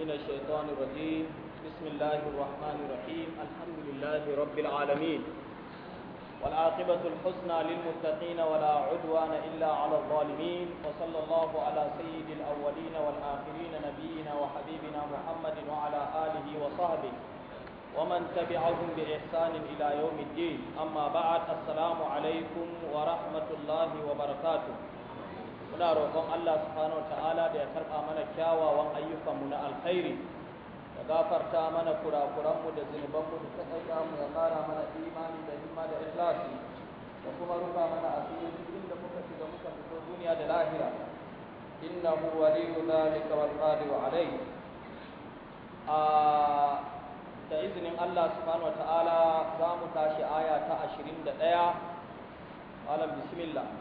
من الشيطان الرجيم بسم الله الرحمن الرحيم الحمد لله رب العالمين والعاقبة الحسنى للمتقين ولا عدوان إلا على الظالمين وصلى الله على سيد الأولين والآخرين نبينا وحبيبنا محمد وعلى آله وصحبه ومن تبعهم بإحسان إلى يوم الدين أما بعد السلام عليكم ورحمة الله وبركاته muna roƙon Allah subhanahu ta'ala da ya karɓa mana kyawawan ayyukanmu na alkhairi ya gafarta mana kurakuranmu da zunubanmu da ta mu ya ƙara mana imani da himma da ikhlasi da kuma mana asiri inda muka shiga muka fito duniya da lahira innahu waliyu dhalika wal qadiru alayhi a da izinin Allah subhanahu ta'ala za mu tashi aya ta 21 bismillah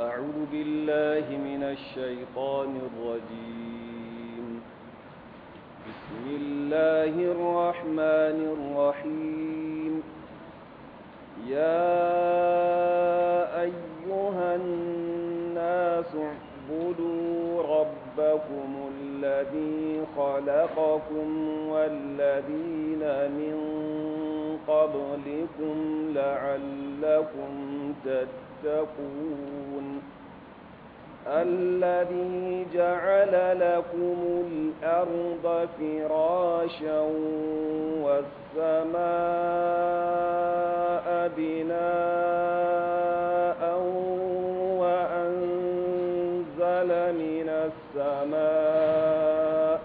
أعوذ بالله من الشيطان الرجيم بسم الله الرحمن الرحيم يا أيها الناس اعبدوا ربكم الذي خلقكم والذين من قبلكم لعلكم تتقون تتقون الذي جعل لكم الأرض فراشا والسماء بناء وأنزل من السماء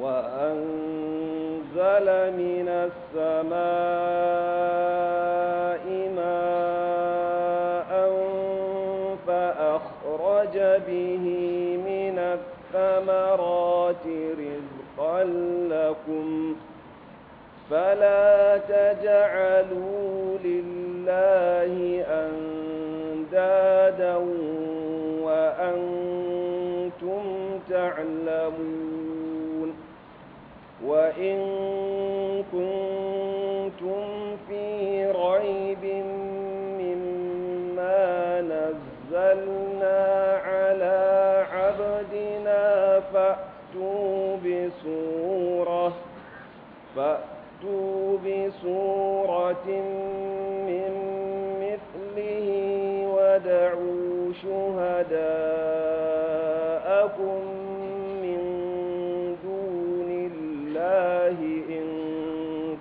وأنزل من السماء فلا تجعلوا لله أندادا وأنتم تعلمون وإن سورة من مثله ودعوا شهداءكم من دون الله إن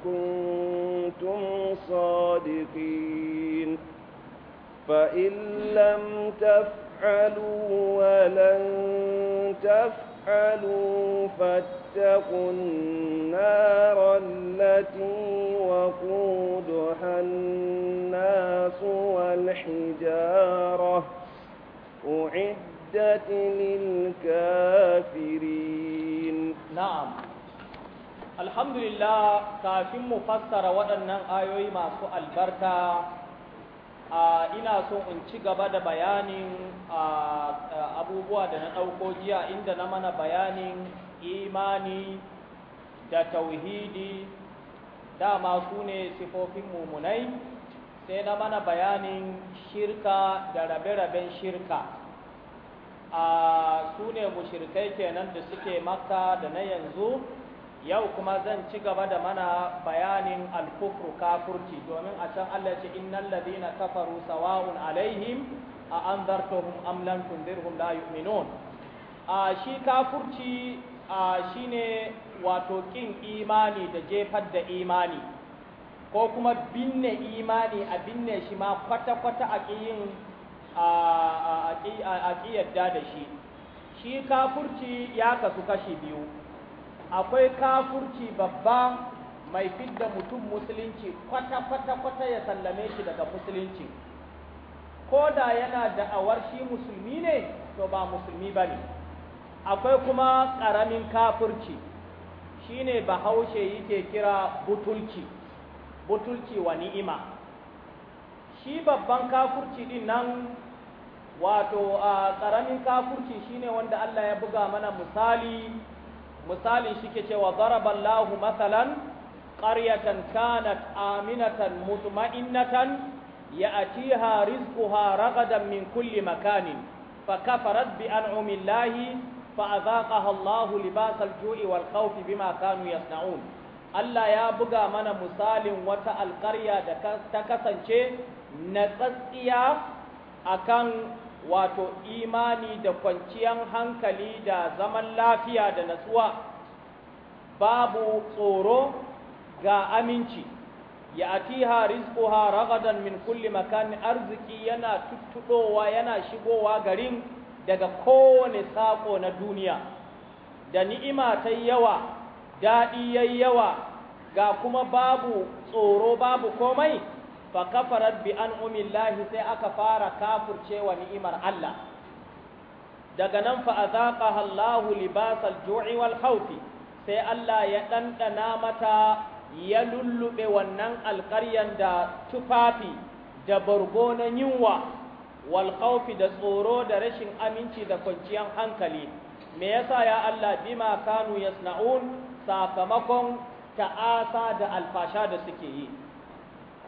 كنتم صادقين فإن لم تفعلوا ولن تفعلوا فاتقوا النار النار أعدت للكافرين نعم الحمد لله كافين مفسر ودنا آيوي ما سوء البركة ina so in ci gaba da bayanin abubuwa da na ɗauko jiya inda na mana bayanin imani da tauhidi dama su ne sifofin mummunai. sai na mana bayanin shirka da rabe-raben shirka a su ne mushirkai kenan da suke maka da na yanzu yau kuma zan ci gaba da mana bayanin alkufru kafurci domin a can Allah ce innal ladina kafaru sawa'un alaihim a anzartuhum amlan lam tunzirhum la yu'minun a shi kafurci a ne wato kin imani da jefar da imani ko kuma binne imani a binne shi ma kwata-kwata a ƙiyin a ƙiyarda da shi shi kafurci ya kasu kashi biyu akwai kafurci babba mai fidda mutum musulunci kwata-kwata-kwata ya sallame shi daga musulunci ko da yana da'awar shi musulmi ne to ba musulmi ba ne akwai kuma ƙaramin kafurci shine bahaushe yake kira butulci butulci wa ni'ima shi babban kafurci din nan wato a ƙaramin kafurci shine wanda Allah ya buga mana misali misalin shi cewa daraballahu masalan qaryatan kanat aminatan mutma'innatan ya'tiha rizquha ragadan min kulli makanin fakafarat bi an'amillahi fa'adhaqaha Allahu libasal ju'i wal khawfi bima kanu yasna'un Allah ya buga mana misalin wata alƙarya da ta kasance na tsatsiya a kan wato imani da kwanciyan hankali da zaman lafiya da natsuwa babu tsoro ga aminci ya atiha rizquha ragadan min kulli makan arziki yana tuttuɗowa yana shigowa garin daga kowane saƙo na duniya da ni'ima ta yawa daɗi yayi yawa ga kuma babu tsoro babu komai fa kafarat bi an'umillahi sai aka fara kafurcewa ni'imar Allah daga nan fa azaqaha Allahu libasal ju'i wal khawfi sai Allah ya dandana mata ya lullube wannan alƙaryan da tufafi da bargo na yunwa wal khawfi da tsoro da rashin aminci da kwanciyar hankali me yasa ya Allah bima kanu yasna'un sakamakon ta'asa da alfasha da suke yi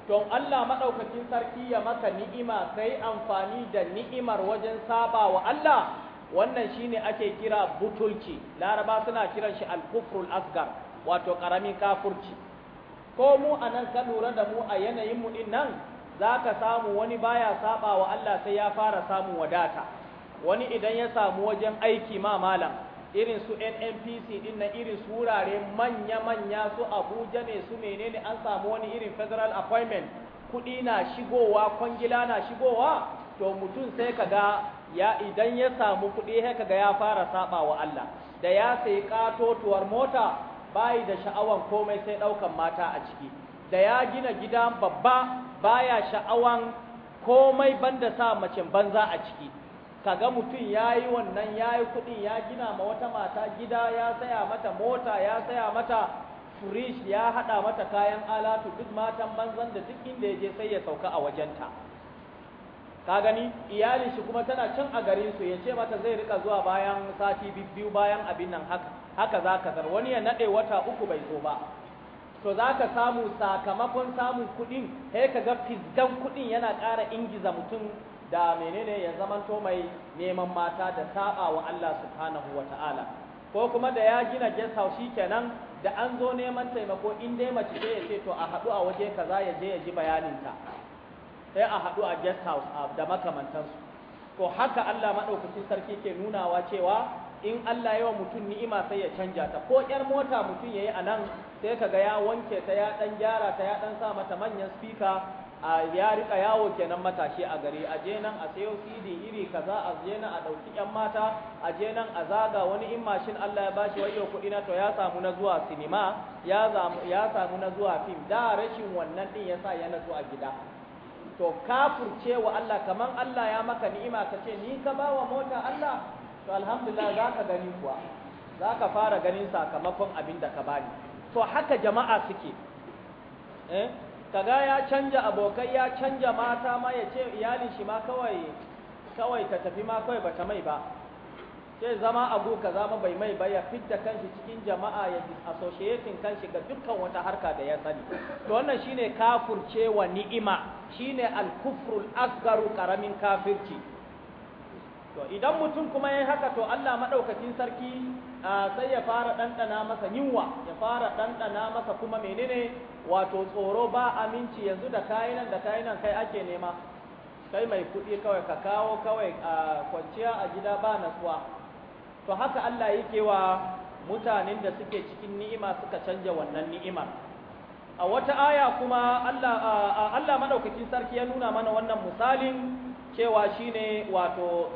don Allah maɗaukacin sarki ya maka ni'ima sai amfani da ni'imar wajen saba wa Allah wannan shine ake kira butulci laraba suna kiran shi alkufrul asgar wato ƙaramin kafurci ko mu a nan ka lura da mu a yanayinmu mu nan za ka samu wani baya saba wa Allah sai ya fara samu wadata wani idan ya samu wajen aiki ma malam irin su nnpc din na irin su wurare manya-manya su abuja ne su menene an samu wani irin federal appointment kudi na shigowa kwangila na shigowa to mutum sai kaga ya idan ya samu kudi sai kaga ya fara saba wa Allah da ya sai katotuwar mota bayi da sha'awan komai sai daukan mata a ciki da ya gina gidan babba baya sha'awan komai banda sa mace banza a ciki kaga mutum ya yi wannan ya yi kuɗi ya gina ma wata mata gida ya saya mata mota ya saya mata furish ya haɗa mata kayan alatu duk matan banzan da duk inda ya je sai ya sauka a wajenta ka gani iyalin shi kuma tana can a garin su ya ce mata zai rika zuwa bayan sati biyu bayan abin nan haka haka za ka zar wani ya naɗe wata uku bai zo ba to za ka samu sakamakon samun kuɗin sai ka ga fizgan kuɗin yana ƙara ingiza mutum da menene ya zamanto mai neman mata da saba wa Allah subhanahu wa ta'ala ko kuma da ya gina guest house kenan da an zo neman taimako in dai mace ce ya ce to a haɗu a waje kaza ya je ya ji bayaninta sai a haɗu a guest house da makamantansu to haka Allah maɗaukacin sarki ke nunawa cewa in Allah yawa mutum ni'ima sai ya canja ta ko ƴar mota mutum yayi a nan sai kaga ya wanke ta ya ɗan gyara ta ya ɗan sa mata manyan speaker a ya rika yawo kenan matashi a gari a je nan a sayo CD iri kaza a je nan a dauki yan mata a je nan a zaga wani in mashin Allah ya bashi wayo kuɗi na to ya samu na zuwa sinima ya samu ya samu na zuwa fim da rashin wannan din yasa ya nazo a gida to kafurce wa Allah kaman Allah ya maka ni'ima ka ce ni ka ba wa mota Allah to alhamdulillah zaka gani kuwa zaka fara ganin sakamakon abin da ka bani to haka jama'a suke eh kaga ya canja abokai ya canja mata ma ya ce iyalin shi ma kawai kawai ta tafi ma kawai bata mai ba sai zama abu ka zama bai mai ba ya fidda kanshi cikin jama'a ya disassociating kanshi ga dukkan wata harka da ya sani to wannan shine kafurcewa ni'ima shine al al asgaru karamin kafirci to idan mutum kuma yayi haka to Allah madaukakin sarki sai ya fara dandana masa yunwa ya fara dandana masa kuma menene wato tsoro ba aminci yanzu da kayinan da kayinan kai ake nema kai mai kuɗi kawai ka kawo kawai a kwanciya a gida ba natsuwa to haka Allah yake wa mutanen da suke cikin ni'ima suka canja wannan ni'imar a wata aya kuma Allah Allah madaukakin sarki ya nuna mana wannan misalin cewa shine wato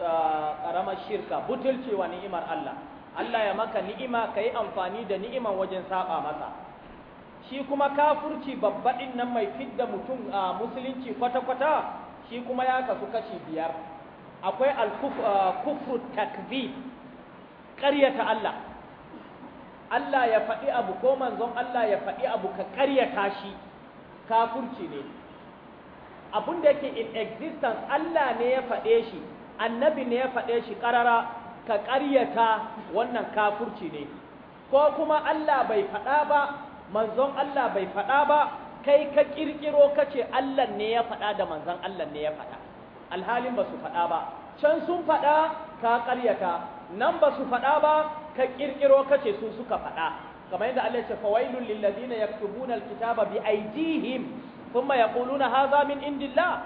karamar shirka butulcewa ni'imar Allah Allah ya maka ni'ima kai amfani da ni'iman wajen saba masa shi kuma kafurci babbaɗin nan mai fidda mutum a musulunci kwata-kwata shi kuma ya kasu kashi biyar akwai alkufru takvi ƙaryata Allah Allah ya faɗi abu ko manzon Allah ya faɗi abu ka ƙaryata shi kafurci ne Abun da yake in existence Allah ne ya faɗe shi annabi ne ya faɗe shi ƙarara ka karyata wannan kafurci ne ko kuma Allah bai faɗa ba manzon Allah bai faɗa ba kai ka ƙirƙiro ka ce Allah ne ya faɗa da manzon Allah ne ya faɗa alhalin ba su faɗa ba can sun faɗa ka ƙaryata nan ba su faɗa ba ka ƙirƙiro ka ce su suka faɗa kamar yadda Allah ya ce fawailul lil ladina yaktubuna alkitaba bi aydihim thumma yaquluna hadha min indillah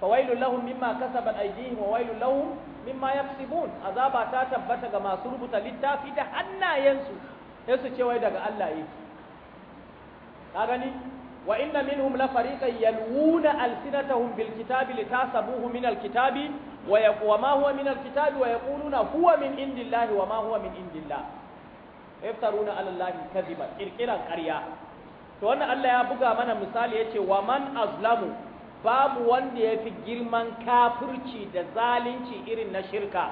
fawailul lahum mimma kasabat aydihim wa wailul lahum mimma yaksibun azaba ta tabbata ga masu rubuta littafi da hannayensu sai su ce wai daga Allah yake ka gani wa inna minhum la fariqan yalwuna alsinatahum bil kitabi litasabuhu min al kitabi wa yaqwa ma huwa min al kitabi wa yaquluna huwa min indillahi wa ma huwa min indillah yaftaruna ala allahi kadhiba kirkiran ƙarya to wannan Allah ya buga mana misali yace wa man azlamu babu wanda yafi girman kafirci da zalunci irin na shirka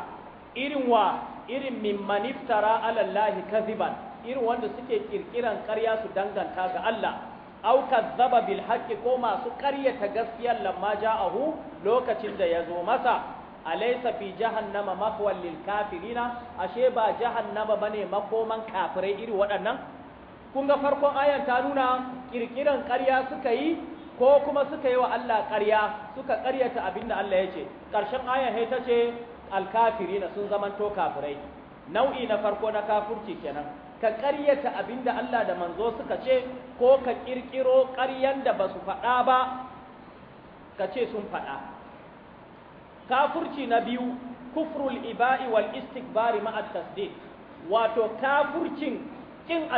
irin wa irin mimman iftara ala allahi kadhiban irin wanda suke kirkiran ƙarya su danganta ga Allah au kazzaba bil haqqi ko masu ƙaryata gaskiyar lamma ja'ahu lokacin da ya zo masa alaysa fi jahannama mafwal lil kafirina ashe ba jahannama bane makoman kafirai iri waɗannan kun ga farkon ayan ta nuna kirkiran ƙarya suka yi ko kuma suka yi wa Allah ƙarya suka ƙaryata abinda Allah ya ce ƙarshen ayan ta ce alkafirina sun zamanto kafirai nau'i na farko na kafurci kenan ka ƙaryata abin da Allah da manzo suka ce ko ka ƙirƙiro ƙaryan da ba su faɗa ba ka ce sun faɗa kafurci na biyu kufrul iba'i wal istikbari ma'a tasdiq wato kafurcin kin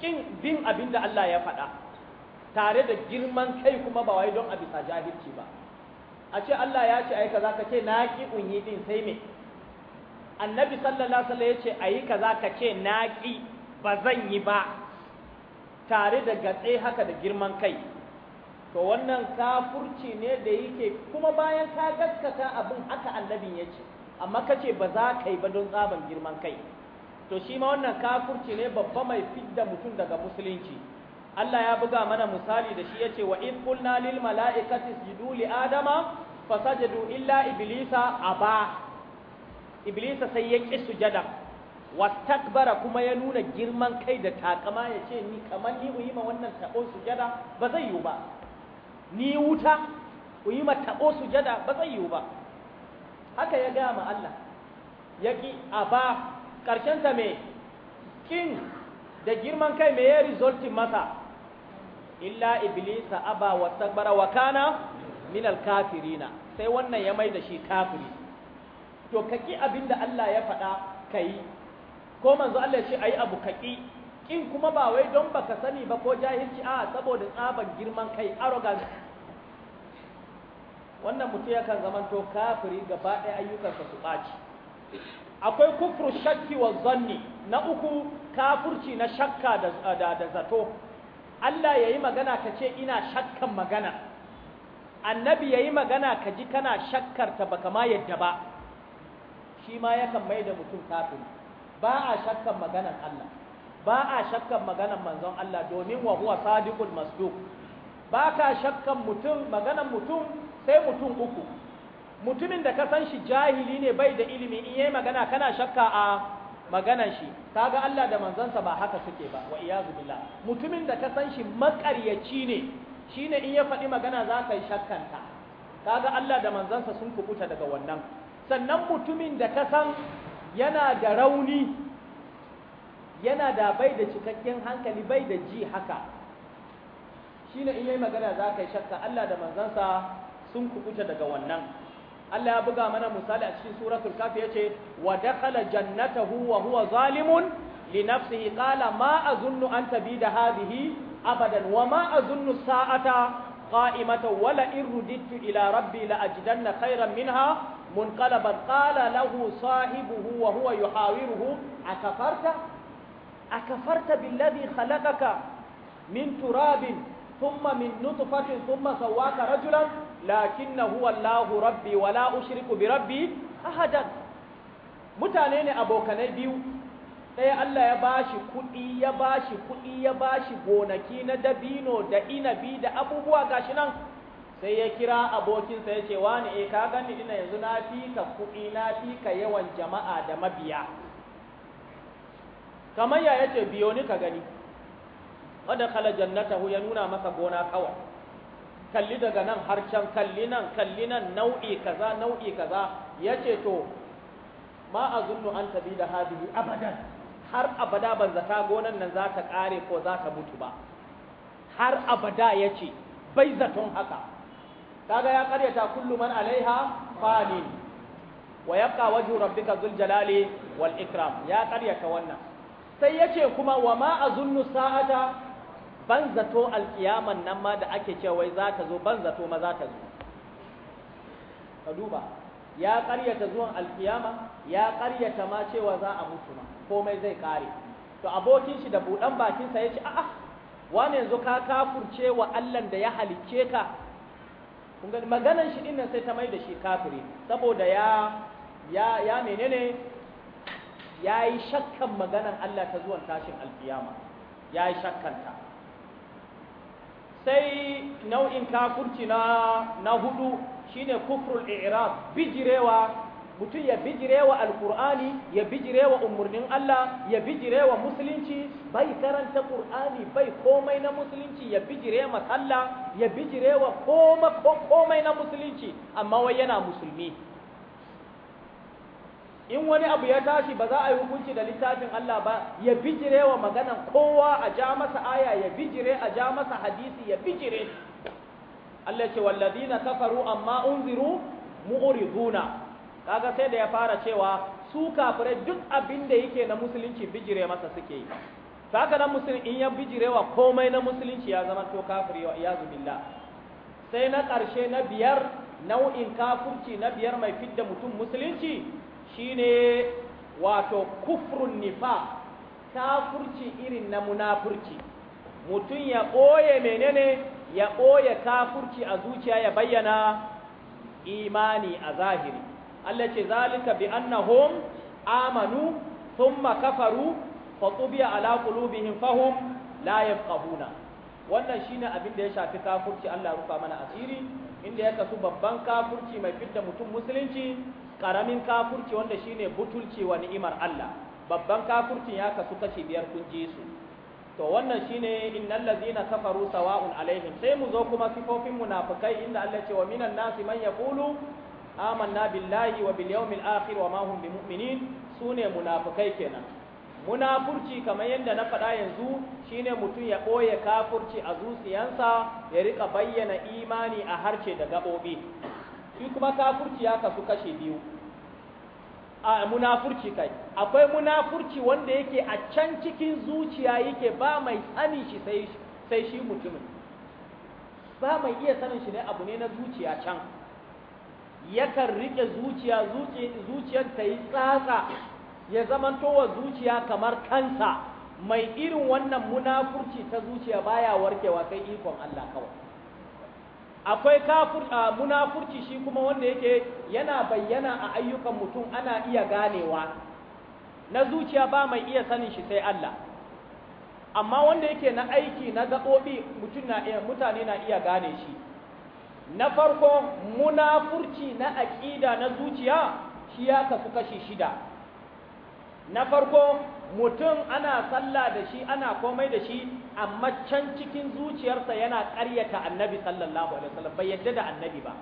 kin bin abinda Allah ya faɗa tare da girman kai kuma ba wai don a bisa jahilci ba a ce Allah ya ce aika kaza ka ce na ki unyi din sai me annabi sallallahu alaihi ya ce a yi kaza ka ce naƙi, ba zan yi ba tare da gatse haka da girman kai to wannan kafurci ne da yake kuma bayan ka gaskata abin haka annabin ya ce amma ka ce ba za ka yi ba don tsaban girman kai to shi ma wannan kafurci ne babba mai fidda mutum daga musulunci Allah ya buga mana misali da shi yace wa in qulna lil mala'ikati isjudu li adama fasajadu illa iblisa aba iblisa sai ya ƙi sujada wastakbara kuma ya nuna girman kai da takama ya ce ni kamar ni ku yi ma wannan taɓo sujada ba zai yiwu ba ni wuta ku yi ma taɓo sujada ba zai yiwu ba haka ya gaya ma Allah ya ƙi a ba ta mai ƙin da girman kai mai ya resultin masa illa iblisa aba wastakbara wa kana minal kafirina sai wannan ya mai da shi kafiri to kaki abinda Allah ya faɗa ka yi ko manzo Allah ya ce a yi abu kaki ƙi kuma ba wai don baka sani ba ko jahilci a saboda tsaban girman kai arrogance wannan mutum yakan zamanto kafiri gaba ɗaya ayyukansa su ɓaci akwai kufru shakki wa zanni na uku kafurci na shakka da zato Allah ya yi magana ka ce ina shakkan magana annabi ya yi magana ka ji kana shakkarta baka ma yadda ba shi ma yakan mai da mutum kafin. ba a shakkan maganan Allah ba a shakkan maganan manzon Allah domin wa huwa sadiqul masduq ba ka shakkan mutum maganan mutum sai mutum uku mutumin da ka san shi jahili ne bai da ilimi in yayi magana kana shakka a maganan shi kaga Allah da manzansa ba haka suke ba wa iyazu billah mutumin da ka san shi makaryaci ne shine in ya faɗi magana za ka yi shakkanta kaga Allah da manzansa sun kubuta daga wannan sannan mutumin da ka san yana da rauni yana da bai da cikakken hankali bai da ji haka shi ne in yi magana za ka yi shakka Allah da manzansa sun kubuta daga wannan Allah ya buga mana misali a cikin suratul kafi yace wa dakhala jannatahu wa huwa zalimun li nafsihi qala ma azunnu an tabida hadhihi abadan wa ma azunnu sa'ata qa'imatan wala in ila rabbi la ajidanna khayran minha منقلبا قال له صاحبه وهو يحاوره أكفرت أكفرت بالذي خلقك من تراب ثم من نطفة ثم سواك رجلا لكن هو الله ربي ولا أشرك بربي أحدا متانين أبو كنبيو ɗaya Allah ya bashi kuɗi ya bashi kuɗi ya bashi gonaki na dabino da inabi da abubuwa gashi sai ya kira abokinsa ya ce wani e ka gani ina yanzu na fi ka kuɗi na fi ka yawan jama'a da mabiya kamar ya ce biyo ni ka gani wadda kala jannatahu ya nuna masa gona kawai kalli daga nan har can kalli nan kalli nan nau'i kaza nau'i kaza ya ce to ma a zunnu an tabi da hadihi abadan har abada ban zata gonan nan za ta kare ko za ta mutu ba har abada ya ce bai zaton haka kaga ya karyata kullu man alaiha fanin wa yabqa wajhu rabbika dhul jalali wal ikram ya karyata wannan sai yace kuma wa ma azunnu sa'ata ban zato nan ma da ake cewa wai za ta zo ban zato ma za ta zo ka duba ya karyata zuwan alƙiyama? ya karyata ma cewa za a mutu ma komai zai kare to abokin shi da budan bakin sa yace a'a wani yanzu ka kafurce wa Allah da ya halicce ka maganan shi dinnan sai ta mai da shi kafiri saboda ya ya ya menene yayi shakkan maganan Allah ta zuwan tashin alkiyama yayi shakkanta sai nau'in kafurci na na hudu shine kufrul i'rab bijirewa mutum ya bijire wa alkur'ani ya bijire wa umarnin Allah ya bijire wa musulunci bai karanta ƙur'ani bai komai na musulunci ya bijire ma sallah ya bijire wa komai na musulunci amma wai yana musulmi in wani abu ya tashi ba za a yi hukunci da littafin Allah ba ya bijire wa maganan kowa a ja masa aya ya bijire a ja masa hadisi ya bijire Allah ce wallazina kafaru amma unziru mu'riduna kaga sai da ya fara cewa su kafure duk abin da yake na musulunci bijire masa suke yi nan musulun in ya bijirewa komai na musulunci ya zama to kafiri wa iyazu billah sai na ƙarshe na biyar nau'in kafurci na biyar mai fidda mutum musulunci shine wato kufrun nifa kafurci irin na munafurci mutum ya ɓoye menene ya ɓoye kafurci a zuciya ya bayyana imani a zahiri Allah ce zalika bi annahum amanu thumma kafaru fa tubiya ala qulubihim fahum la yafqahuna wannan shine abin da ya shafi kafirci Allah rufa mana asiri inda ya kasu babban kafirci mai fitta mutum musulunci karamin kafirci wanda shine butulci wa ni'imar Allah babban kafircin ya kasu kashi biyar kun ji su to wannan shine innal ladzina kafaru sawa'un alaihim sai mu zo kuma sifofin munafikai inda Allah ce wa minan nasi man yaqulu amanna billahi wa bil yawmil akhir wa ma hum bimu'minin sune munafikai kenan munafurci kamar yadda na faɗa yanzu shine mutum ya ɓoye kafurci a zuciyansa ya rika bayyana imani a harce da gaɓoɓi shi kuma kafurci ya kasu kashe biyu a munafurci kai akwai munafurci wanda yake a can cikin zuciya yake ba mai sanin shi sai shi mutumin ba mai iya sanin shi ne abu ne na zuciya can yakan rike zuciya zuciyar ta yi tsatsa ya zama wa zuciya kamar kansa mai irin wannan munafurci ta zuciya baya warkewa kai ikon Allah kawai akwai munafurci shi kuma wanda yake yana bayyana a ayyukan mutum ana iya ganewa na zuciya ba mai iya sanin shi sai Allah amma wanda yake na aiki na gaɓoɓi mutane na iya gane shi na farko munafurci na aƙida na zuciya shi ya kasu kashi shida na farko mutum ana sallah da shi ana komai da shi amma can cikin zuciyarsa yana ƙaryata annabi sallallahu alaihi wasallam bai yadda da annabi ba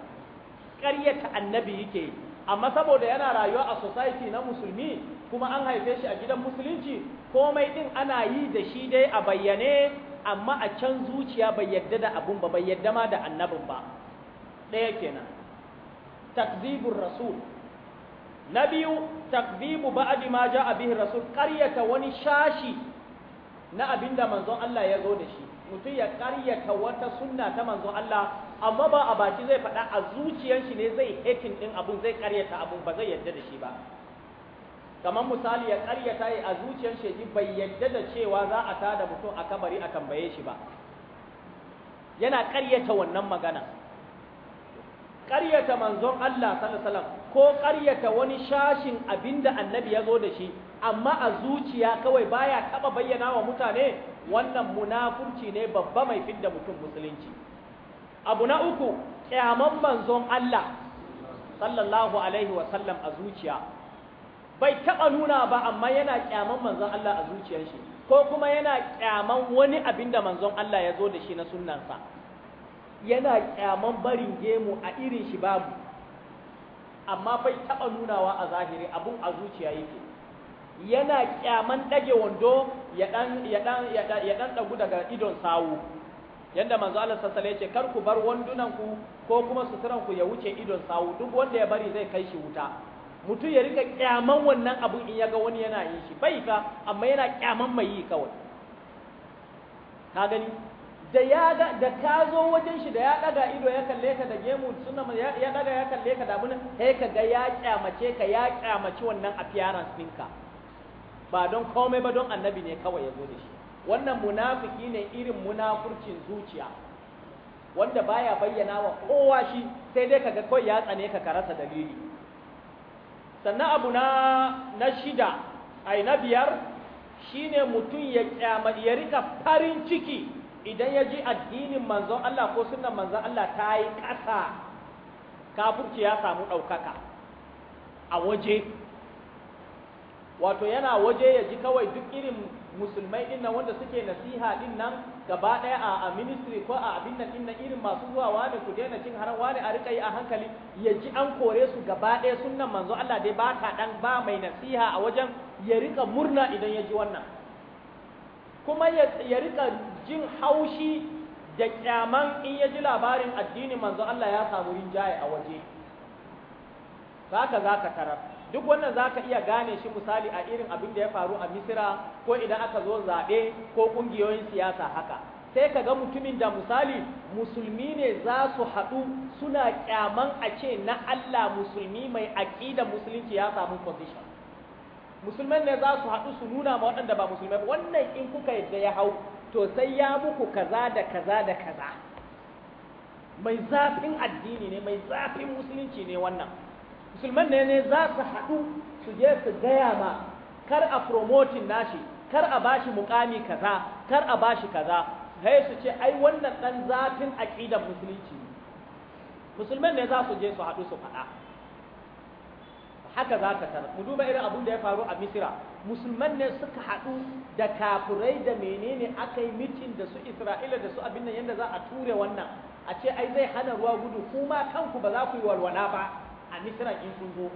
ƙaryata annabi yake amma saboda yana rayuwa a society na musulmi kuma an haife shi a gidan musulunci komai din ana yi da shi dai a bayyane amma a can zuciya bai yadda da abun ba bai yadda ma da annabin ba ɗaya kenan takzibur rasul na biyu takzibu ba'di ma ja'a bihi rasul qaryata wani shashi na abinda manzon Allah ya zo da shi mutum ya qaryata wata sunna ta manzon Allah amma ba a baki zai faɗa a zuciyar shi ne zai hekin din abun zai qaryata abun ba zai yarda da shi ba kamar misali ya qaryata a zuciyar shi bai yarda da cewa za a tada mutum a kabari a tambaye shi ba yana qaryata wannan magana ƙaryata manzon Allah sallallahu ko ƙaryata wani shashin abinda annabi ya zo da shi amma a zuciya kawai baya taɓa bayyana wa mutane wannan munafurci ne babba mai fidda mutum musulunci abu na uku kyaman manzon Allah sallallahu alaihi wa a zuciya bai taɓa nuna ba amma yana kyaman manzon Allah a zuciyar shi ko kuma yana ƙyaman wani abinda manzon Allah ya zo da shi na sunnansa yana kyaman barin gemu a irin shi babu amma bai taɓa nunawa a zahiri abun a zuciya yake yana kyaman ɗage wando ya ɗan ɗagu daga idon sawu yadda manzo Allah sassale ce kar ku bar wandunan ku ko kuma suturan ku ya wuce idon sawu duk wanda ya bari zai kai shi wuta mutum ya rika kyaman wannan abun in ya ga wani yana yin shi bai fa amma yana kyaman mai yi kawai ka gani da ya ga da ka zo wajen shi da ya daga ido ya kalle ka da gemu suna ya daga ya kalle ka da abin sai ka ga ya kyamace ka ya kyamace wannan appearance ɗinka ba don komai ba don annabi ne kawai ya zo da shi wannan munafiki ne irin munafurcin zuciya wanda baya bayyana wa kowa shi sai dai kaga kawai ya tsane ka karasa dalili sannan abu na na shida ai na biyar shine mutum ya kyamace ya rika farin ciki idan ya ji addinin manzon Allah ko sunan manzon Allah ta yi ƙasa kafirci ya samu ɗaukaka a waje wato yana waje ya ji kawai duk irin musulmai dinnan nan wanda suke nasiha dinnan nan gaba ɗaya a ministry ko a abin nan dinnan irin masu zuwa wani ku daina cin haram wani a riƙa yi a hankali ya ji an kore su gaba ɗaya sunan manzon Allah dai ba ta ɗan ba mai nasiha a wajen ya riƙa murna idan ya ji wannan kuma ya rika jin haushi da kyaman in ya ji labarin addinin manzo Allah ya samu rinjaye a waje zaka zaka tarar duk wannan zaka iya gane shi misali a irin abin da ya faru a Misira ko idan aka zo zaɓe ko ƙungiyoyin siyasa haka sai ka ga mutumin da misali musulmi ne za su haɗu suna kyaman a ce na Allah musulmi mai aƙida musulunci ya samu position musulmai ne za su haɗu su nuna ma waɗanda ba musulmai ba wannan in kuka yadda ya hau to sai ya muku kaza da kaza da kaza mai zafin addini ne mai zafin musulunci ne wannan musulman ne ne za su haɗu su je su gaya ma kar a promoting nashi kar a bashi mukami kaza kar a bashi kaza sai su ce ai wannan dan zafin aqidar musulunci musulman ne za su je su haɗu su faɗa haka za ka tarar mu duba irin abin da ya faru a misira musulman ne suka haɗu da kafurai da menene aka yi mitin da su isra'ila da su abin nan yadda za a ture wannan a ce ai zai hana ruwa gudu kuma kanku ba za ku yi walwala ba a misira in sun zo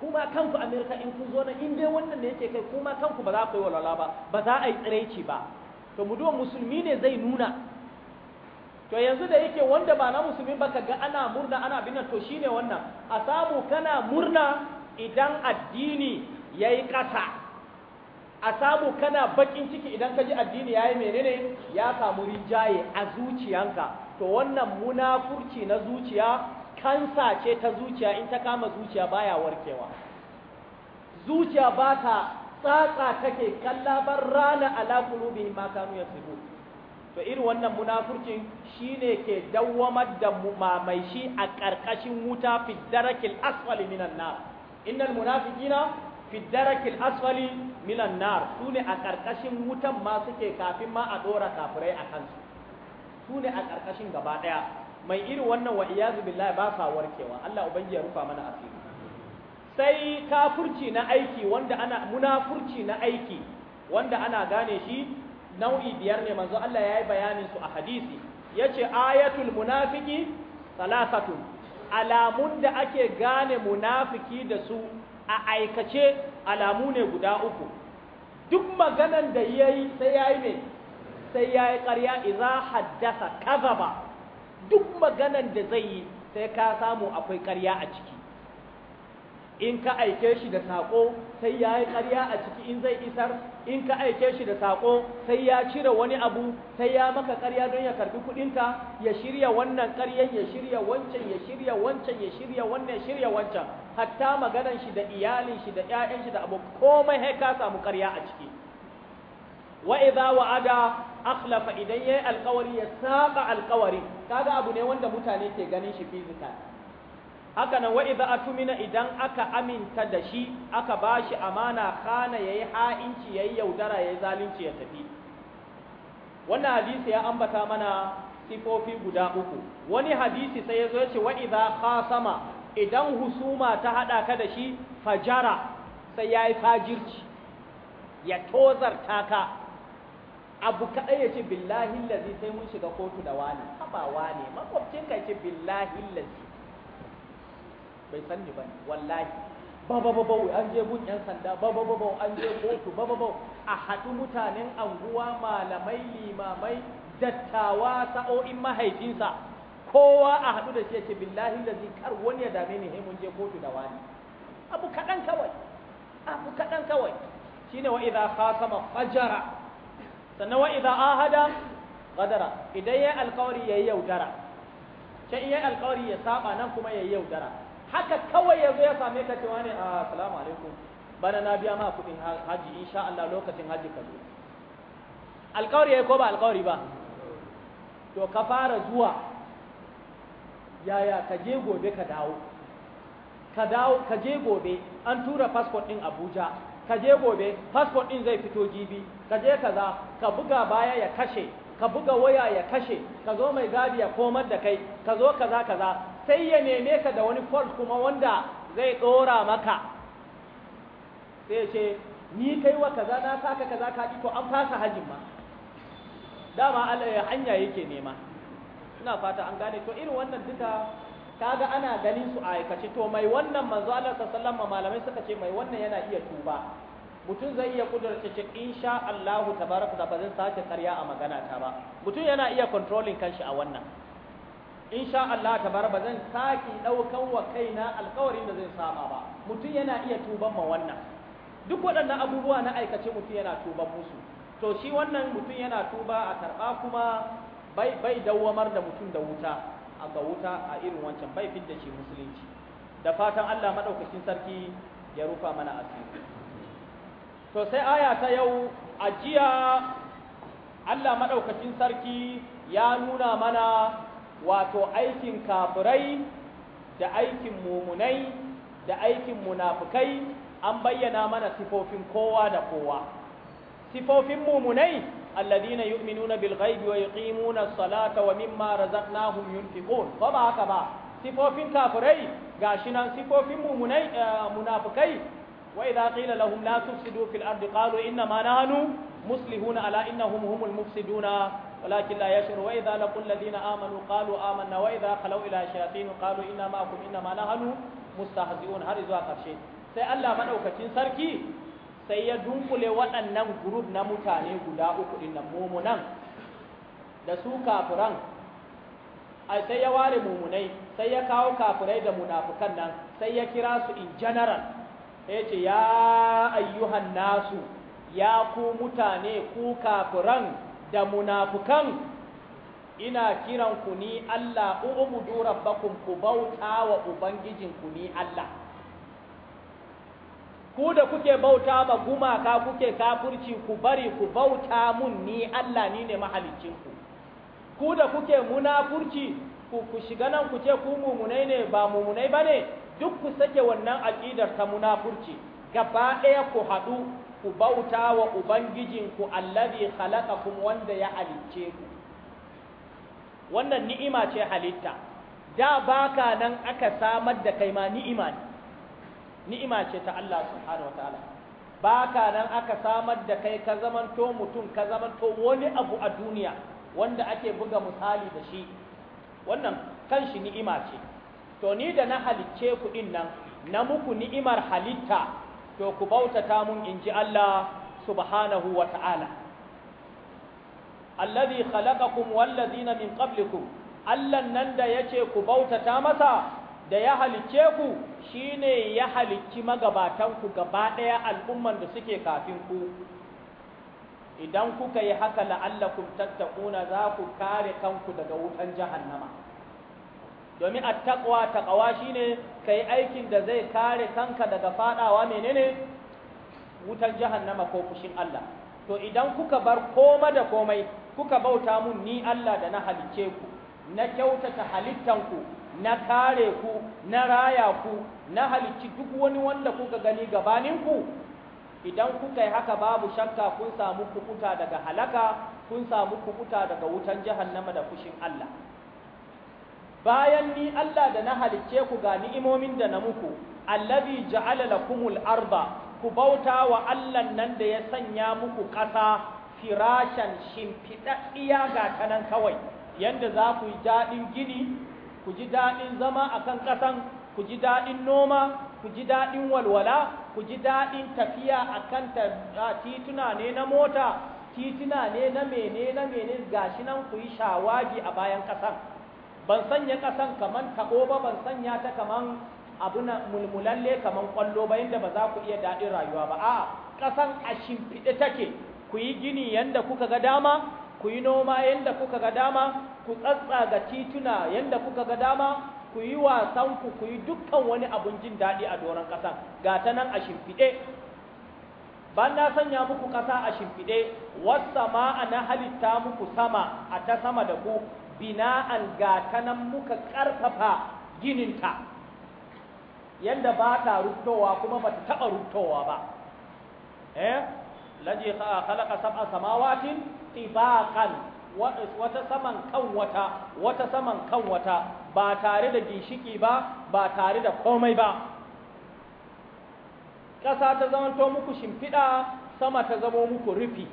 kuma kanku amerika in kun zo nan in dai wannan ne yake kai kuma kanku ba za ku yi walwala ba ba za a yi tsiraici ba to mu duba musulmi ne zai nuna to yanzu da yake wanda ba na musulmi ba ka ga ana murna ana bin to shine wannan a samu kana murna idan addini yayi kasa. a samu kana bakin ciki idan ka ji addini yayi menene ya samu rinjaye a zuciyanka to wannan munafurci na zuciya kansa ce ta zuciya in ta kama zuciya baya warkewa zuciya ba ta tsatsa take kallabar rana ala qulubihim ma kanu yasbu to irin wannan munafurcin shi ne ke dawwamar da mamai shi a ƙarƙashin wuta fi darakil asfali minan nar innal munafiqina fi darakil asfali minan nar ne a ƙarƙashin wutan ma suke kafin ma a dora kafirai a kansu Su ne a ƙarƙashin gaba ɗaya mai irin wannan wa iyazu billahi ba sa warkewa Allah ubangiji ya rufa mana asiri sai kafurci na aiki wanda ana munafurci na aiki wanda ana gane shi nau'i biyar ne manzo Allah ya yi bayanin su a hadisi yace ayatul munafiki salasatun alamun da ake gane munafiki da su a aikace alamu ne guda uku duk maganan da ya yi sai ya yi ne sai ya yi ƙarya iza haddasa kazaba duk maganan da zai yi sai ka samu akwai ƙarya a ciki in ka aike shi da saƙo sai ya yi ƙarya a ciki in zai isar in ka aike shi da saƙo sai ya cire wani abu sai ya maka ƙarya don ya karbi kuɗinka ya shirya wannan ƙaryan ya shirya wancan ya shirya wancan ya shirya wannan ya shirya wancan hatta maganar shi da iyalin shi da ƴaƴan shi da abu komai sai ka samu ƙarya a ciki wa idza wa'ada akhlafa idan yayi alƙawari ya saba alƙawari kaga abu ne wanda mutane ke ganin shi fizikal. haka nan wa'iza atumina idan aka aminta da shi aka ba shi amana kana yayi ha'inci yayi yaudara yayi zalunci ya tafi wannan hadisi ya ambata mana sifofi guda uku wani hadisi sai ya zo ya ce wa'iza khasama idan husuma ta haɗa ka da shi fajara sai yayi yi fajirci ya tozarta ka abu kaɗai ya ce billahi lazi sai mun shiga kotu da wani haɓa wani makwabcinka ya ce billahi lazi bai san ni bane wallahi ba ba ba ba an je gun yan sanda ba ba ba ba an je kotu ba ba ba a haɗu mutanen anguwa malamai limamai dattawa sa'o'in mahaifinsa kowa a haɗu da shi yake ce billahi lazi kar wani ya dame ni mun je kotu da wani abu kaɗan kawai abu kaɗan kawai shine wa idza khasama fajara sannan wa idza ahada gadara idan yayi alƙawari yayi yaudara in yayi alƙawari ya saba nan kuma yayi yaudara haka kawai yazo ya same ka cewa ne ah, assalamu alaikum bana na biya ma kudin haji insha Allah lokacin haji ka zo alƙawari yayi ko ba alƙawari ba to ka fara zuwa yaya ka je gobe ka dawo ka dawo ka je gobe an tura passport din Abuja ka je gobe passport din zai fito jibi ka je kaza ka buga baya ya kashe ka buga waya ya kashe ka zo mai gadi ya komar da kai ka zo kaza kaza sai ya neme ka da wani fault kuma wanda zai ɗora maka sai ce ni kai wa kaza na saka kaza ka to an fasa hajin ma dama eh, hanya yake nema ina fata an gane to irin wannan duka kaga ana ganin su a aikace to mai wannan manzo Allah sallallahu malamai suka ce mai wannan yana iya tuba mutum zai iya in ce insha Allah tabaraka da ba zan sake karya a magana ta ba mutum yana iya controlling kanshi a wannan In sha Allah ta bar ba zan saki ɗaukan wa kaina alkawarin da zai sama ba mutum yana iya tuban ma wannan duk waɗannan abubuwa na aikace mutum yana tuban musu to shi wannan mutum yana tuba a karɓa kuma bai bai dawwamar da mutum da wuta a ga wuta a irin wancan bai fidda shi musulunci da fatan Allah madaukakin sarki ya rufa mana asiri to sai aya ta yau ajiya Allah madaukakin sarki ya nuna mana wato aikin kafirai da aikin mumunai da aikin munafukai an bayyana mana sifofin kowa da kowa sifofin mumunai alladhina yu'minuna bil ghaibi wa yuqimuna as-salata wa mimma razaqnahum yunfiqun ba ba haka ba sifofin kafirai gashi nan sifofin mumunai eh, munafukai wa qila lahum la tufsidu fil ardi qalu inna ma nahnu muslihuna ala innahum humul mufsiduna ولكن لا يشعر وإذا لقوا الذين آمنوا قالوا آمنا وإذا خلوا إلى الشياطين قالوا إنا معكم إنما نحن مستهزئون har zuwa ƙarshe sai Allah madaukakin sarki sai ya dunkule waɗannan group na mutane guda uku din nan mumunan da su kafiran ai sai ya ware mumunai sai ya kawo kafirai da munafukan nan sai ya kira su in general Ya ce ya ayyuhan nasu ya ku mutane ku kafiran da munafukan ina kiran ku ni Allah ubudu rabbakum ku bauta wa ubangijin ku ni Allah ku da kuke bauta ba gumaka kuke kafirci ku bari ku bauta mun ni Allah ni ne mahalicin ku ku da kuke munafurci ku ku shiga nan ku ce ku mumunai ne ba mumunai bane duk ku sake wannan aqidar ta munafurci gaba ɗaya ku haɗu ku bauta wa ubangijinku allazi khalaqakum wanda ya halicce ku wannan ni'ima ce halitta da baka nan aka samar da kai ma ni'ima ne ni'ima ce ta Allah subhanahu wataala baka nan aka samar da kai ka zamanto mutum ka zamanto wani abu a duniya wanda ake buga misali da shi wannan kanshi ni'ima ce to ni da na halicce ku din nan na muku ni'imar halitta to ku bautata mun in ji Allah subhanahu wa ta'ala alladhi khalaqakum wallazina min qablikum Allah nan da yace ku bautata masa da ya halicce ku shine ya halicci magabatan ku gaba ɗaya al'umman da suke kafin ku idan kuka yi haka la'allakum tattaquna za ku kare kanku daga wutan jahannama domin shi ne ka yi aikin da zai kare kanka daga faɗawa menene wutar jahannama ko fushin Allah to idan kuka bar koma da komai kuka bauta mun ni Allah da na halice ku na kyautata halittanku, na kare ku na raya ku na halicci duk wani wanda kuka gani gabaninku? idan kuka yi haka babu shakka kun samu kukuta daga halaka kun samu kukuta daga wutan jahannama da fushin Allah bayan ni Allah da na halicce ku ga ni'imomin da na muku allazi ja'ala lakumul arda ku bauta wa Allah nan da ya sanya muku ƙasa firashan shimfiɗaɗɗiya ga kanan kawai yanda za ku yi daɗin gini ku ji daɗin zama a kan ƙasan ku ji daɗin noma ku ji daɗin walwala ku ji daɗin tafiya a kan tituna ne na mota tituna ne na mene na mene gashi nan ku yi shawagi a bayan ƙasan ban sanya kasan kaman taɓo ba ban sanya ta kaman abuna mulmulalle kaman kwallo ba yadda ba za ku iya daɗin rayuwa ba a'a ƙasan a shimfiɗe take ku yi gini yanda kuka ga dama ku yi noma yanda kuka ga dama ku ga tituna yanda kuka ga dama ku yi wasan ku ku yi dukkan wani abun jin daɗi a doron ƙasan. ga ta nan a shimfiɗe ban na sanya muku ƙasa a shimfiɗe wasa sama na halitta muku sama a ta sama da ku bina'an nan muka ƙarfafa ta. yadda ba ta rubtowa kuma ba ta taɓa rutowa ba eh laje khalaqa sab'a samawatin tibaqan wata saman kan wata wata saman kan wata ba tare da gishiki ba ba tare da komai ba ƙasa ta zamanto muku shimfiɗa sama ta zamo muku rufi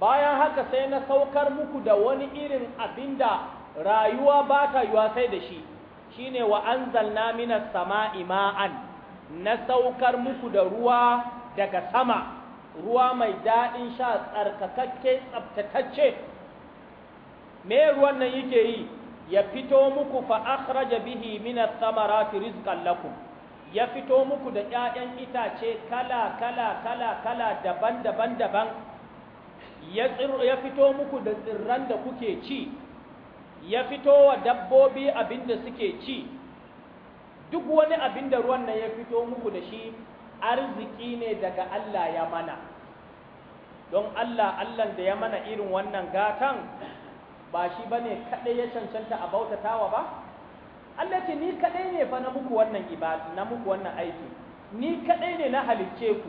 bayan haka sai na saukar muku da wani irin abin da rayuwa ba ta yiwa sai da shi shine wa anzalna minas sama'i ma'an na saukar muku da ruwa daga sama ruwa mai daɗin sha tsarkakakke tsaftatacce me ruwan nan yake yi ya fito muku fa akhraja bihi minas samarati rizqan lakum ya fito muku da 'ya'yan itace kala kala kala kala daban daban daban ya fito muku da tsirran da kuke ci ya fito wa dabbobi abin da suke ci duk wani abin da ruwan nan ya fito muku da shi arziki ne daga Allah ya mana don Allah Allahn da ya mana irin wannan gatan ba shi ba ne kaɗai ya cancanta a bautatawa ba Allah ce ni kaɗai ne fa na muku wannan ibada na muku wannan aiki ni kaɗai ne na halicce ku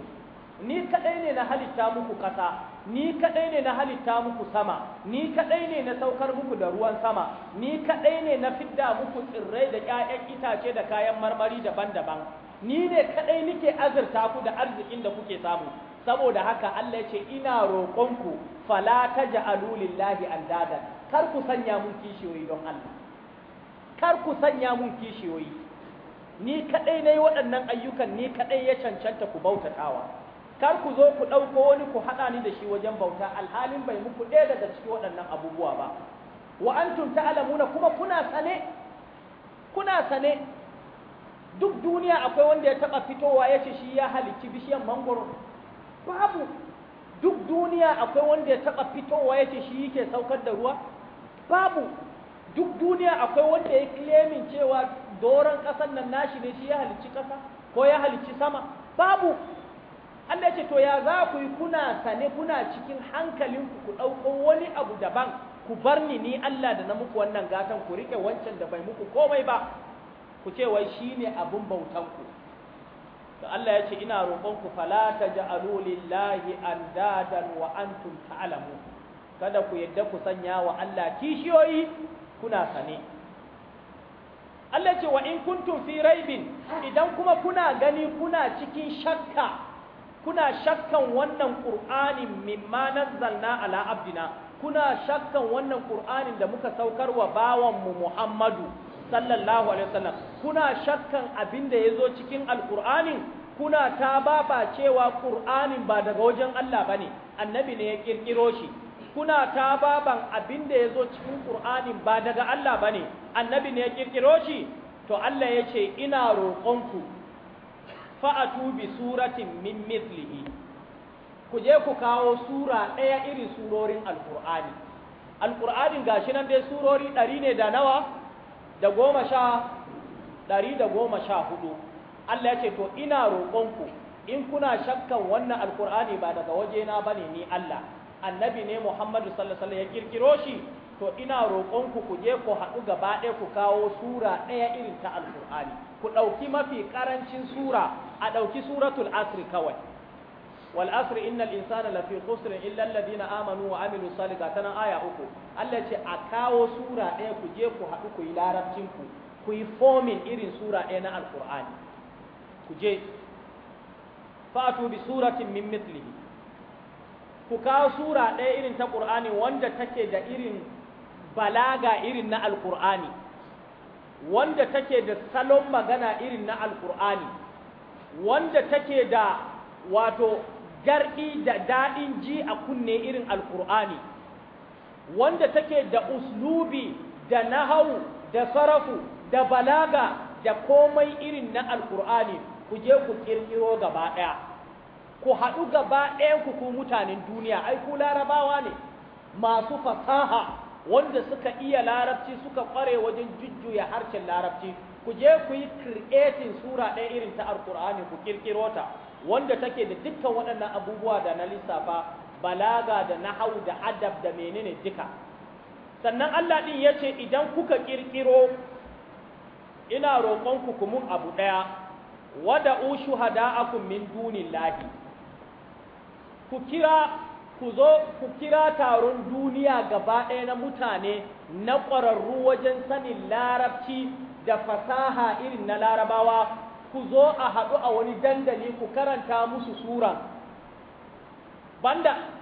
ni kaɗai ne na halitta muku ƙasa ni kadai ne na halitta muku sama ni kadai ne na saukar muku da ruwan sama ni kadai ne na fidda muku tsirrai da ƴaƴan itace da kayan marmari daban-daban ni ne kadai nike azurta ku da arzikin da kuke samu saboda haka Allah ya ce ina roƙonku fala taj'alu lillahi andada kar ku sanya mun kishiyoyi don Allah kar ku sanya mun kishiyoyi ni kadai nayi waɗannan ayyukan ni kadai ya cancanta ku bautatawa kar ku zo ku ɗauko wani ku haɗa ni da shi wajen bauta alhalin bai muku ɗaya daga cikin waɗannan abubuwa ba wa antum ta'lamuna kuma kuna sane kuna sane duk duniya akwai wanda ya taɓa fitowa ya ce shi ya halicci bishiyan mangoro babu duk duniya akwai wanda ya taɓa fitowa ya ce shi yake saukar da ruwa babu duk duniya akwai wanda ya claiming cewa doron ƙasar nan nashi ne shi ya halicci ƙasa ko ya halicci sama babu Allah ya ce to ya za ku yi kuna sane kuna cikin hankalinku ku ɗauko wani abu daban ku bar ni ni Allah da na muku wannan gatan ku riƙe wancan da bai muku komai ba ku ce wai shi ne abin bautanku to Allah ya ce ina roƙonku fala ta ja'alu lillahi andadan wa antum ta'lamu kada ku yadda ku sanya wa Allah kishiyoyi kuna sane Allah ya ce wa in kuntum fi raibin idan kuma kuna gani kuna cikin shakka kuna shakkan wannan qur'anin mimma nazzalna ala abdina kuna shakkan wannan qur'anin da muka saukar wa bawan Muhammadu sallallahu alaihi wasallam kuna shakkan abin da yazo cikin alqur'anin kuna ta baba cewa qur'anin ba daga wajen Allah bane annabi ne ya kirkiro shi kuna ta baban abin da yazo cikin qur'anin ba daga Allah bane annabi ne ya ƙirƙiro shi to Allah ya ce ina roƙonku fa'atu bi suratin min mithlihi ku je ku kawo sura ɗaya irin surorin alkur'ani ga shi nan dai surori ɗari ne da nawa da goma sha ɗari da goma sha hudu Allah ya ce to ina roƙonku in kuna shakkan wannan alkur'ani ba daga wajena ba ne ni Allah annabi ne Muhammadu sallallahu ya ƙirƙiro shi to ina roƙonku ku je ku haɗu gaba ɗaya ku kawo sura ɗaya irin ta alkur'ani ku ɗauki mafi ƙarancin sura a ɗauki suratul asri kawai wal asri innal insana lafi khusrin illa alladhina amanu wa amilu salihati nan aya uku Allah ce a kawo sura ɗaya ku je ku haɗu ku yi larabcin ku ku yi fomin irin sura ɗaya na alqur'ani ku je fa'atu bi suratin min mithlihi ku kawo sura ɗaya irin ta qur'ani wanda take da irin balaga irin na alqur'ani wanda take da salon magana irin na alkur'ani wanda take da wato gardi da daɗin ji a kunne irin alkur'ani wanda take da uslubi da nahau da sarafu da balaga da komai irin na alkur'ani ku je ku kirkiro gaba ɗaya ku haɗu gaba ɗayan ku ku mutanen duniya ai ku larabawa ne masu fasaha wanda suka iya larabci suka ƙware wajen jujjuya harshen larabci ku je ku yi creating sura ɗaya irin ta alkur'ani ku kirkiro ta wanda take da dukkan waɗannan abubuwa da na lissafa balaga da nahau da adab da menene duka sannan Allah din yace idan kuka kirkiro ina roƙon ku kuma abu ɗaya wada ushu hada'akum min lahi ku kira ku zo ku kira taron duniya gaba ɗaya na mutane na ƙwararru wajen sanin larabci da fasaha irin na larabawa ku zo a haɗu a wani dandali ku karanta musu sura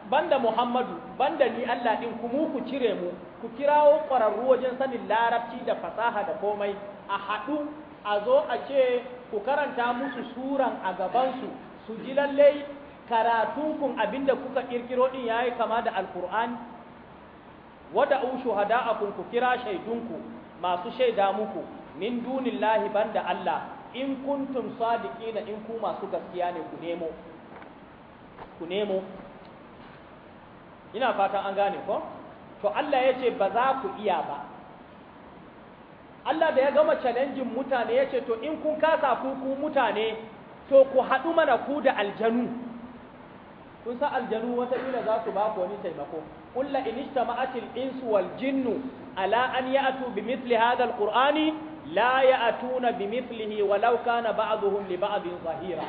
banda muhammadu banda ni allah ɗin ku mu ku cire mu ku kirawo ƙwararru wajen sanin larabci da fasaha da komai a haɗu a zo a ce ku karanta musu suran a gabansu su ji lallai karatunkun abinda kuka ƙirƙiro ɗin ya yi kama da alkur'ani wada'u shuhada'akum ku kira shaidunku masu shaida muku min dunillahi banda Allah in kuntum na in ku masu gaskiya ne ku nemo ku nemo ina fatan an gane ko to Allah ya ce ba za ku iya ba Allah da ya gama challenging mutane ya ce to in kun kasa ku ku mutane to ku haɗu mana ku da aljanu kun sa aljanu wata ila za su ba ku wani taimako kulla inista ma'atil insu wal jinnu ala an ya'tu bi mithli hadha al la ya'tuna bimithlihi walau kana ba'dhum li ba'dhin zahira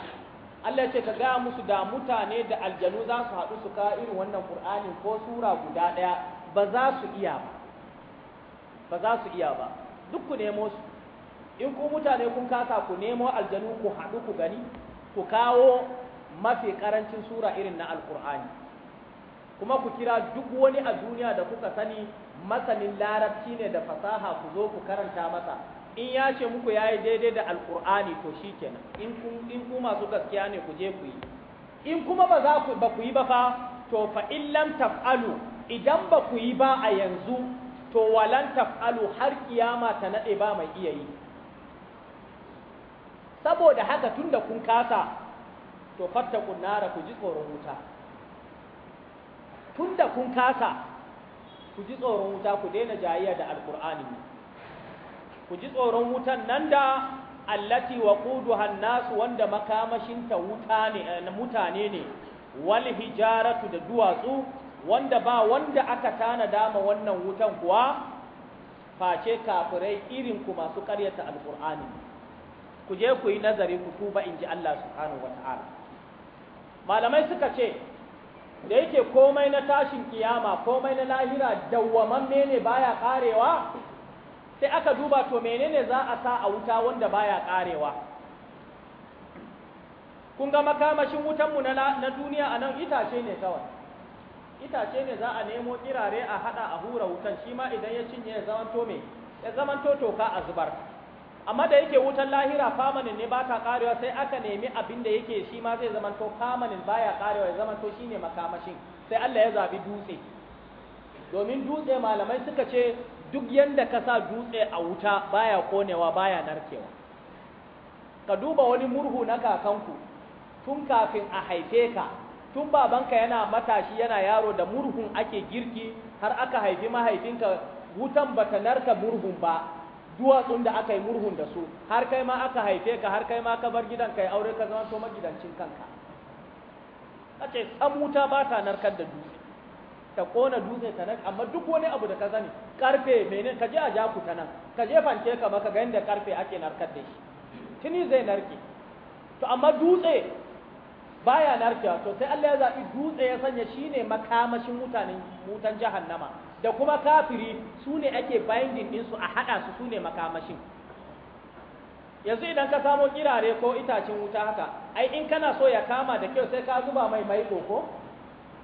Allah ce ka gaya musu da mutane da aljanu za su haɗu su ka irin wannan Qur'anin ko sura guda ɗaya ba za su iya ba ba za su iya ba duk ku nemo su in ku mutane kun kasa ku nemo aljanu ku haɗu ku gani ku kawo mafi karancin sura irin na alkur'ani kuma ku kira duk wani a duniya da kuka sani masanin larabci ne da fasaha ku zo ku karanta masa in ya ce muku ya yi daidai da alkur'ani to shi kenan in ku masu gaskiya ne ku je ku yi in kuma ba za ku ba ku yi ba fa to fa in taf'alu idan ba ku yi ba a yanzu to walan taf'alu har kiyama ta nade ba mai iya yi saboda haka tunda kun kasa to fattakun nara ku ji tsoron wuta tunda kun kasa ku ji tsoron wuta ku daina jayiya da alkur'ani ne ku ji tsoron wutan nan da allati wa quduhan nasu wanda makamashinta wuta ne eh, mutane ne wal hijaratu da duwatsu wanda ba wanda aka tana dama wannan wutan kuwa face kafirai irin ku masu karyata alqur'ani ku je ku yi nazari ku tuba inji Allah subhanahu wata'ala malamai suka ce da yake komai na tashin kiyama komai na lahira dawwamamme ne baya karewa sai aka duba to menene za a sa a wuta wanda baya karewa kun ga makamashin wutanmu na duniya a nan itace ne kawai itace ne za a nemo kirare a hada a hura wutan shi ma idan ya cinye ya zamanto me ya to toka a zubar amma da yake wutan lahira famanin ne ba ta karewa sai aka nemi abin da yake shi ma zai zamanto famanin baya karewa ya zamanto shine makamashin sai Allah ya zabi dutse domin dutse malamai suka ce duk yanda ka sa dutse a wuta baya konewa baya narkewa ka duba wani murhu na kakanku tun kafin a haife ka tun babanka yana matashi yana yaro da murhun ake girki har aka haifi mahaifinka wutan bata narka murhun ba duwatsun da aka yi murhun da su har kai ma aka haife ka har kai ma ka bar gidan ka yi aure ka zama to magidancin kanka kace san wuta ba ta narkar da dutse ta kona dutse ta nan amma duk wani abu da ka sani karfe menene ka je a ja ku ta nan ka je fanke ka maka ga inda karfe ake narkar da shi tuni zai narke to amma dutse baya narkewa to sai Allah ya zabi dutse ya sanya shine makamashin mutanen mutan jahannama da kuma kafiri sune ake binding ɗinsu a haɗa su su ne makamashin yanzu idan ka samo kirare ko itacen wuta haka ai in kana so ya kama da kyau sai ka zuba mai mai ko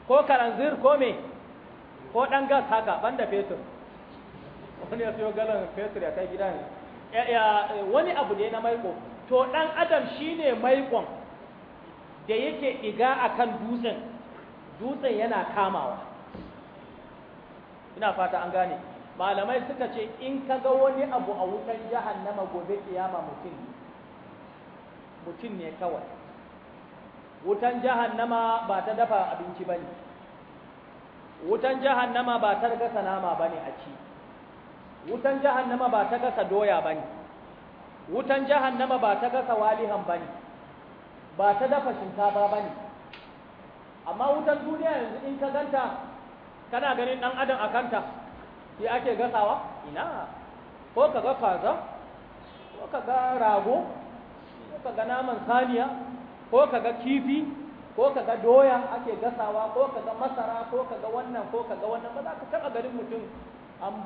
ko karanzir ko me ko ɗan gas haka ban da fetur wani ya siyo galan fetur ya kai gida ne wani abu ne na maiko to ɗan adam shine maikon da yake iga akan dutsen dutsen yana kamawa ina fata an gane malamai suka ce in ka ga wani abu a wutan jahannama gobe kiyama mutum mutum ne kawai wutan jahannama ba ta dafa abinci ba ne wutan jahannama ba ta gasa nama ba ne a ci wutan jahannama ba ta gasa doya ba ne wutan jahannama ba ta gasa walihan ba ne ba ta dafa shinkafa ba ne amma wutan duniya yanzu in ka ganta kana ganin ɗan adam a kanta shi ake gasawa ina ko ka ga kaza ko ka ga rago ko ka ga naman saniya ko ka ga kifi ko ka ga doyan ake gasawa ko ka ga masara ko ka ga wannan ko ka ga wannan ba za ka taɓa garin mutum an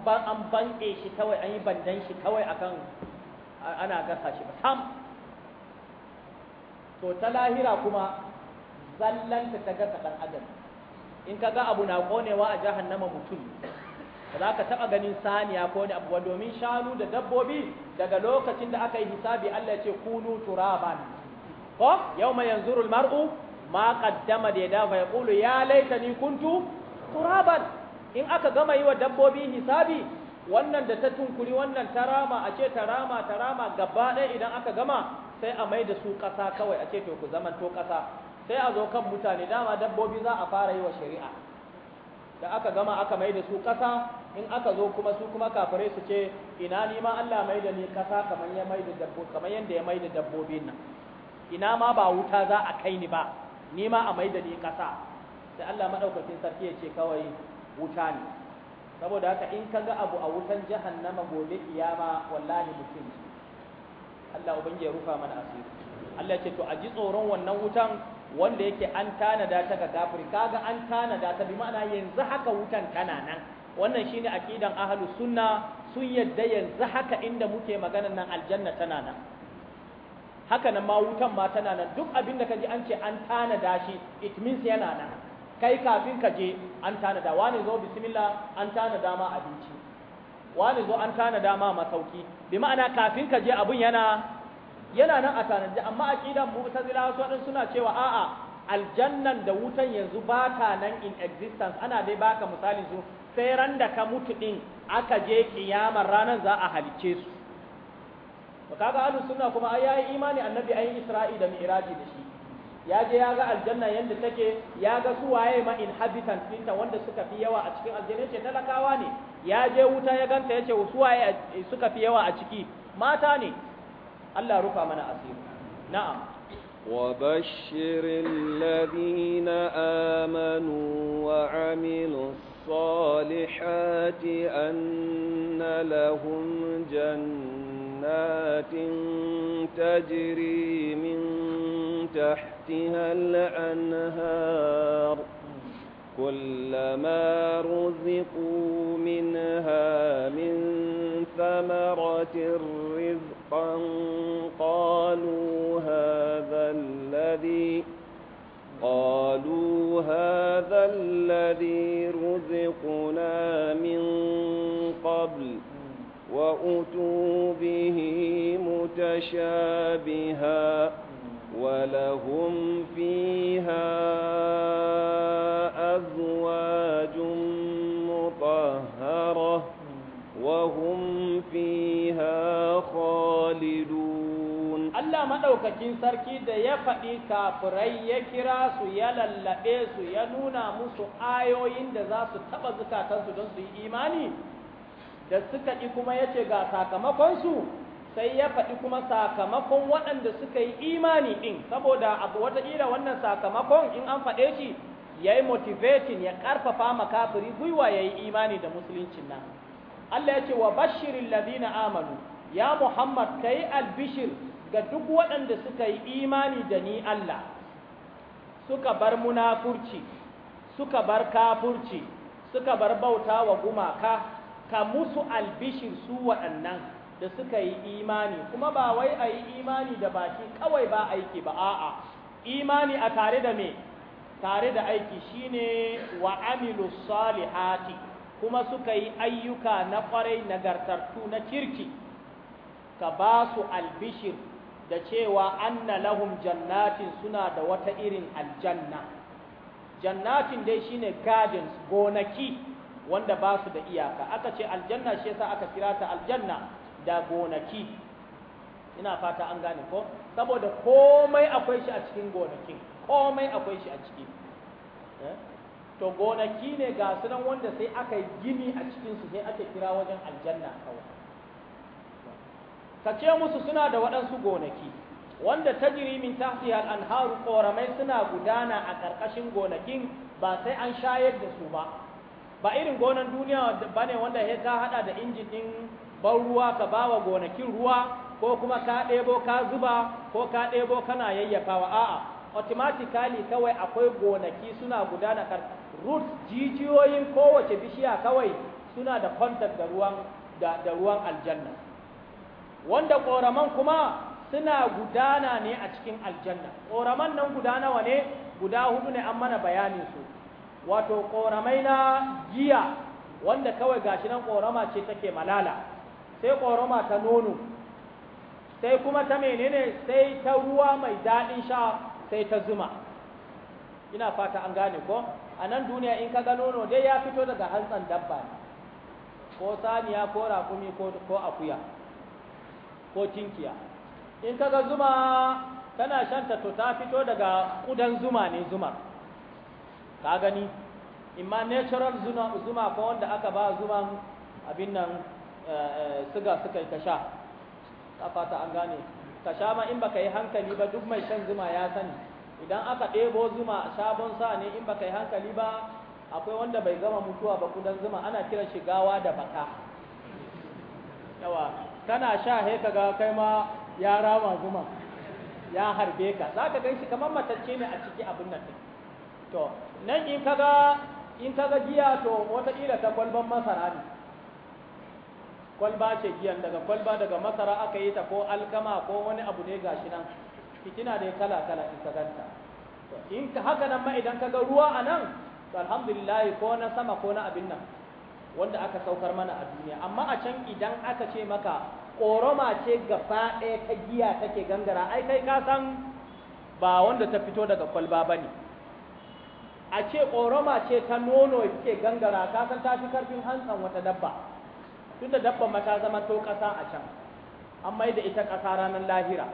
banɗe shi kawai an yi bandan shi kawai akan ana gasa shi ba sam to ta lahira kuma zallanta ta gasa ɗan adam in ka ga abu na konewa a jahannama mutum ba za ka taɓa ganin saniya ko ne abuwa domin shanu da dabbobi daga lokacin da aka yi hisabi Allah ya ce kunu turaban ko yau mai yanzurul mar'u ma qaddama da yada fa yaqulu ya laitani kuntu turaban in aka gama yi wa dabbobi hisabi wannan da ta tunkuri wannan ta rama a ce ta rama ta rama gaba ɗaya idan aka gama sai a mai da su ƙasa kawai a ce to ku zaman to ƙasa sai a zo kan mutane dama dabbobi za a fara yi wa shari'a da aka gama aka mai da su ƙasa in aka zo kuma su kuma kafirai su ce ina ni ma Allah mai da ni ƙasa kamar ya mai da ya mai da dabbobin nan ina ma ba wuta za a kai ni ba ni ma a maida ni ƙasa sai Allah maɗaukakin sarki ya ce kawai wuta ne saboda haka in ka ga abu a wutan jahannama gobe kiyama wallahi mutum Allah ubangi ya rufa mana asiri Allah ya ce to a ji tsoron wannan wutan wanda yake an tanada ta ga kafiri kaga an tanada ta bi ma'ana yanzu haka wutan tana nan wannan shine akidan ahlus sunna sun yadda yanzu haka inda muke maganar nan aljanna tana nan haka nan ma wutan ma tana nan duk abin da kaji an ce an tanada shi it means yana nan kai kafin ka je an tanada wani zo bismillah an tanada ma abinci wani zo an tanada ma masauki bi ma'ana kafin ka je abun yana yana nan a tanada amma aqidan mu'tazila wasu suna cewa a'a aljannan da wutan yanzu baka nan in existence ana dai baka misalin su sai ran da ka mutu din aka je kiyamar ranar za a halice su to kaga ahlus sunna kuma ai yayi imani annabi ayi isra'i da mi'raji da shi ya je ya ga aljanna yanda take ya ga su waye ma inhabitants ɗinta wanda suka fi yawa a cikin aljanna ce talakawa ne ya je wuta ya ganta yace su waye suka fi yawa a ciki mata ne Allah rufa mana asiri na'am وبشر Amanu wa وعملوا الصالحات أن لهم جنات تجري من تحتها الأنهار كلما رزقوا منها من ثمرة رزقا قالوا هذا الذي قالوا هذا الذي رزقنا من قبل وأتوا به متشابها ولهم فيها أزواج مطهرة وهم فيها خالدون Allah maɗaukakin sarki da ya faɗi kafirai ya kira su ya lallaɓe su ya nuna musu ayoyin da za su taɓa zukatansu don su yi imani da suka ɗi kuma ya ce ga sakamakonsu sai ya faɗi kuma sakamakon waɗanda suka yi imani ɗin saboda abu wataƙila wannan sakamakon in an faɗe shi ya yi motivating ya ƙarfafa makafiri gwiwa ya yi imani da musuluncin nan Allah ya ce wa bashirin ladina amanu ya Muhammad kai albishir ga duk waɗanda suka yi imani da ni Allah suka bar munafurci suka bar kafurci suka bar bauta wa gumaka ka musu albishir su waɗannan da suka yi imani kuma ba wai a yi imani da baki kawai ba aiki ba a'a imani a tare da me tare da aiki shine wa amilu salihati kuma suka yi ayyuka na kwarai nagartattu na kirki ka ba su albishir da cewa anna lahum jannatin suna da wata irin aljanna jannatin dai shine gardens gonaki wanda ba su da iyaka aka ce aljanna shi yasa aka kira ta aljanna da gonaki ina fata an gane ko saboda komai akwai shi a cikin gonakin komai akwai shi a ciki eh? to gonaki ne ga sunan wanda sai aka yi gini a cikinsu sai aka kira wajen aljanna kawai ka ce musu suna da waɗansu gonaki wanda ta jirimin ta tahtiha al haru ƙoramai suna gudana a ƙarƙashin gonakin ba sai an shayar da su ba ba irin gonan duniya ba ne wanda ya ta haɗa da injin din ban ruwa ka bawa gonakin ruwa ko kuma ka ɗebo ka zuba ko ka ɗebo kana yayyafawa a'a automatically kawai akwai gonaki suna gudana kar root jijiyoyin kowace bishiya kawai suna da contact da ruwan da ruwan aljanna wanda ƙoraman kuma suna gudana ne a cikin aljanna ƙoraman nan guda nawa ne guda hudu ne an mana bayanin su wato ƙoramai na giya wanda kawai gashi nan ƙorama ce take malala sai ƙorama ta nono sai kuma ta menene sai ta ruwa mai daɗin sha sai ta zuma ina fata an gane ko a nan duniya in ka ga nono dai ya fito daga hantsan dabba ko saniya ko raƙumi ko akuya ko tinkiya in kaga zuma tana shanta to ta fito daga kudan zuma ne zuma ka gani imma natural zuma, ko wanda aka ba zuman abin nan eh, eh, siga suka yi ka sha ta an gane ka sha ma in baka yi hankali ba duk mai shan zuma ya sani idan aka ɗebo zuma sabon sa ne in baka yi hankali ba akwai wanda bai gama mutuwa ba kudan zuma ana kiran shi gawa da baka yawa kana sha he ga kai ma ya rama zuma ya harbe ka za ka gan shi kamar matacce ne a ciki abin nan ɗin to nan in ga in ga giya to wataƙila ta kwalban masara ne kwalba ce giyan daga kwalba daga masara aka yi ta ko alkama ko wani abu ne gashi nan fitina da kala kala in ka ganta in haka nan ma idan ga ruwa a nan alhamdulillah ko na sama ko na abin nan wanda aka saukar mana a duniya amma a can idan aka ce maka ƙorama ce gaba ɗaya ta giya take gangara ai kai ka san ba wanda ta fito daga kwalba ba ne a ce ƙorama ce ta nono ke gangara ka san ta fi karfin hantsan wata dabba tunda dabba ma ta zama to ƙasa a can an mai da ita ƙasa ranar lahira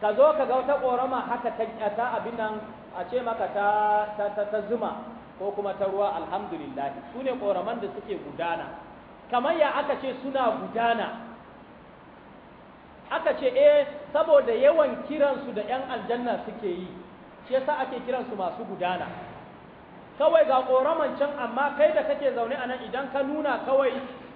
ka zo ka ga wata ƙorama haka ta abin nan a ce maka ta, ta zuma ko kuma ta ruwa alhamdulillah su ne ƙoraman da suke gudana kamar ya aka ce suna gudana aka ce eh saboda yawan kiransu da 'yan aljanna suke yi shi yasa ake kiransu masu gudana kawai ga ƙoraman can amma kai da kake zaune a nan idan ka nuna kawai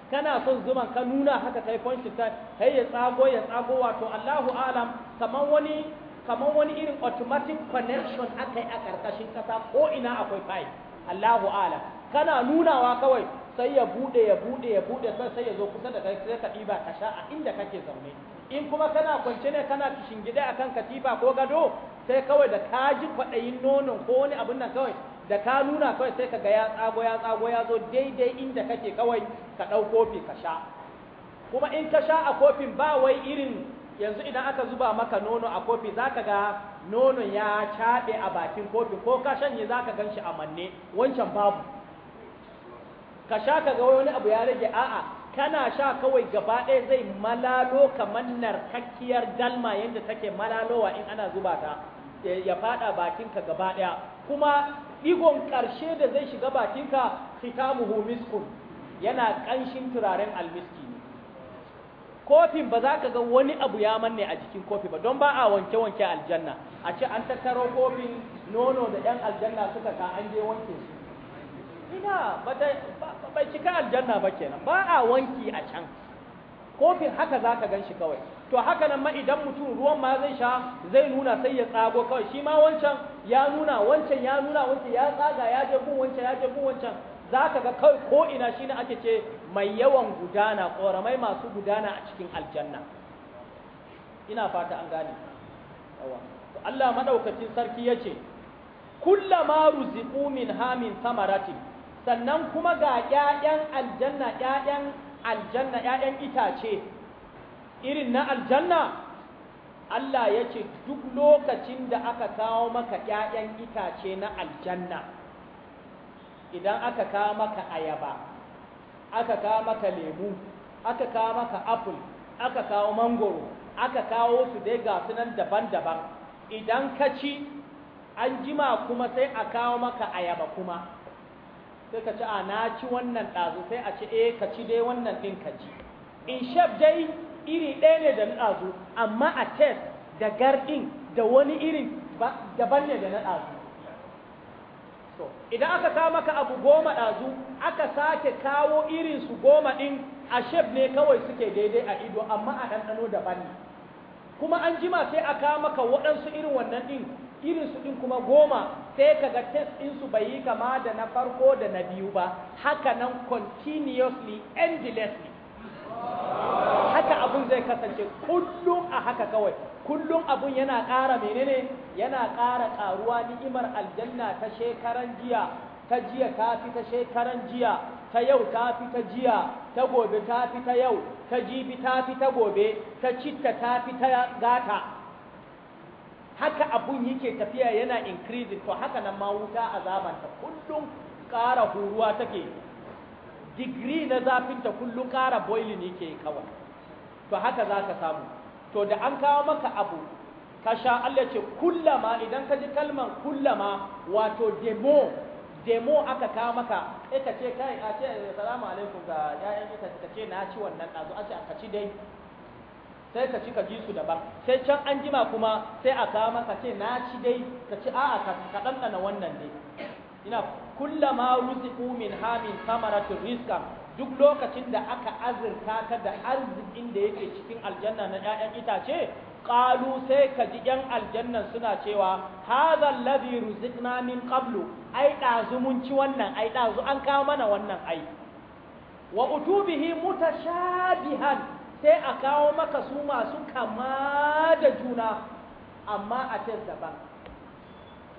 kana son zuman ka nuna haka kai ta kai ya tsago ya tsago wato Allahu alam kamar wani kamar wani irin automatic connection aka yi a ƙarƙashin ƙasa ko ina akwai pipe Allahu ala kana nunawa kawai sai ya bude ya bude ya bude sai ya zo kusa da kai sai ka diba ka sha a inda kake zaune in kuma kana kwance ne kana gida akan katifa ko gado sai kawai da ka ji kwaɗayin nonon ko wani abin nan kawai da ka nuna kawai sai ka ga ya tsago ya tsago ya zo daidai inda kake kawai ka ɗau kofi ka sha kuma in ka sha a kofin ba wai irin yanzu idan aka zuba maka nono a kofi zaka ga nono ya caɓe a bakin kofi ko ka shanye za ka gan shi a manne wancan babu ka sha ka ga wani abu ya rage a'a kana sha kawai gaba ɗaya zai malalo kamar narkakkiyar dalma yadda take malalowa in ana zuba ta ya faɗa bakinka gaba ɗaya kuma digon ƙarshe da zai shiga bakinka hitamuhu miskun yana ƙanshin turaren almiski kofin ba za ka ga wani abu ya manne a jikin kofi ba don ba a wanke-wanke aljanna a ce an tattaro kofin nono da ɗan aljanna suka ka an je wanke su ina bai cika aljanna ba kenan ba a wanki a can kofin haka za ka gan shi kawai to haka nan ma idan mutum ruwan ma zai sha zai nuna sai ya tsago kawai shi ma wancan ya nuna wancan ya nuna wancan ya tsaga ya je kun wancan ya je kun wancan za ka ga kawai ko ina shi ne ake ce mai yawan gudana ƙoramai masu gudana a cikin aljanna ina fata an gane to Allah madaukakin sarki yace kullama ruziqu min hamin samarati sannan kuma ga ƴaƴan aljanna ƴaƴan aljanna ƴaƴan itace irin na aljanna Allah ya ce duk lokacin da aka kawo maka ‘ya'yan itace na aljanna, idan aka kawo maka ayaba, aka kawo maka lemu aka kawo maka apple aka kawo mangoro aka kawo su dai ga sunan daban-daban idan ka ci an jima kuma sai a kawo maka ayaba kuma sai ka ci a na ci wannan ɗazu sai a ci eh ka ci dai wannan ɗin ka ci in shaf dai iri ɗaya ne da na ɗazu amma a test da garɗin da wani irin daban ne da na ɗazu to idan aka ka maka abu goma ɗazu aka sake kawo irin su goma ɗin a shef ne kawai suke daidai a ido amma a ɗanɗano daban ne kuma an jima sai a kawo maka waɗansu irin wannan ɗin irin su ɗin kuma goma sai ka ga test ɗin su bai yi kama da na farko da na biyu ba haka nan continuously endlessly zai kasance kullum a haka kawai kullum abun yana ƙara menene yana ƙara ƙaruwa ni'imar aljanna ta shekaran jiya ta jiya ta fi ta shekaran jiya ta yau ta fi ta jiya ta gobe ta fi ta yau ta jibi ta fi ta gobe ta citta ta fi ta gata haka abun yake tafiya yana increasing to haka nan ma wuta azabanta kullum ƙara huruwa take digiri na zafinta kullum ƙara boiling yake kawai to haka za ka samu to da an kawo maka abu ka sha Allah ce kullama idan ka ji kalman kullama wato demo demo aka kawo maka sai ka ce kai a ce salamu alaikum ga ƴaƴan ita ka ce na ci wannan ɗazu a ce a ci dai sai ka ci ka ji su daban sai can an jima kuma sai a kawo maka ce na ci dai ka ci a'a ka ɗanɗana wannan dai ina kullama ruziku min hamin samaratin rizqan duk lokacin da aka azurta ka da arzikin da yake cikin aljanna na 'ya'yan itace ƙalu sai ka ji 'yan aljannan suna cewa haza alladhi ruzikna min qablu ai ɗazu mun ci wannan ai ɗazu an kawo mana wannan ai wa utubihi mutashabihan sai a kawo maka su masu kama da juna amma a ce daban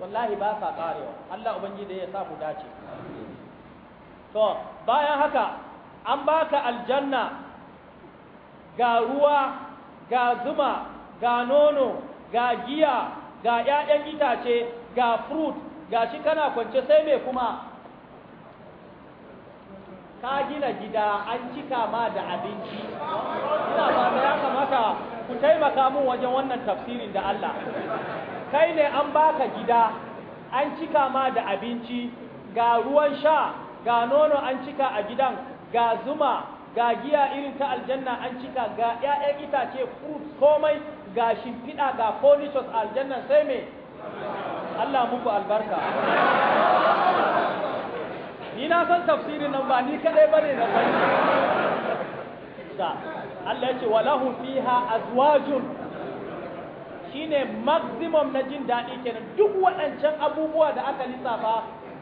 wallahi ba sa karewa Allah ubangiji ya sa mu dace to bayan haka an baka aljanna ga ruwa ga zuma ga nono ga giya ga 'ya'yan itace ga fruit ga shi kana kwance sai mai kuma ka gina gida an cika ma da abinci ina ba ya kamata ku taimaka mun wajen wannan tafsirin da Allah kai ne an baka gida an cika ma da abinci ga ruwan sha ga nono an cika a gidan ga zuma ga giya irin ta aljanna an cika ga 'ya'yan itace fruit komai ga shimfiɗa ga polishos aljanna sai me Allah muku albarka ni na san tafsirin nan ba ni kadai bane na san Allah ya ce walahu fiha azwajun shine maximum na jin daɗi kenan duk waɗancan abubuwa da aka lissafa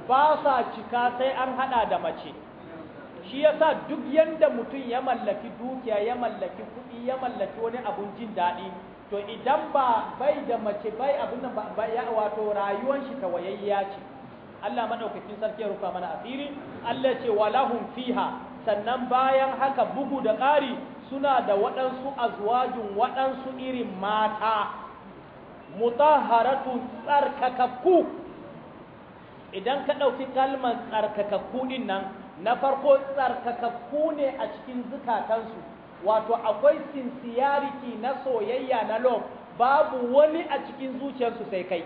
ba sa cika sai an haɗa da mace. shi yasa duk yadda mutum ya mallaki dukiya ya mallaki kuɗi ya mallaki wani abun jin daɗi to idan ba bai da mace bai abin nan ba ya wato rayuwar shi tawayayya ce Allah madaukakin sarki ya rufa mana asiri Allah ce walahum fiha sannan bayan haka bugu da ƙari suna da waɗansu azwajin waɗansu irin mata mutahharatu tsarkakakku idan ka ɗauki kalmar tsarkakakku din nan na farko tsarkakakku ne a cikin zukatansu wato akwai sinsiyariki na soyayya na lob babu wani a cikin zuciyarsu sai kai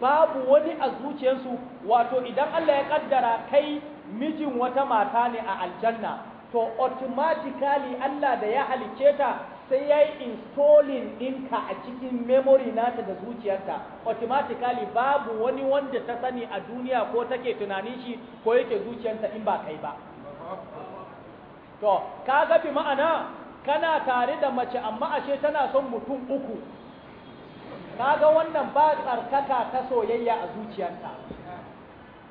babu wani a zuciyarsu wato idan Allah ya kaddara kai mijin wata mata ne a aljanna to automatically Allah da ya halice ta sai ya yi installing ɗinka a cikin memory nata da zuciyarta automatically babu wani wanda ta sani a duniya ko take tunanin shi ko yake zuciyarta in ba kai ba to ka gafi ma'ana kana tare da mace amma ashe tana son mutum uku kaga wannan ba tsarkaka ta soyayya a zuciyarta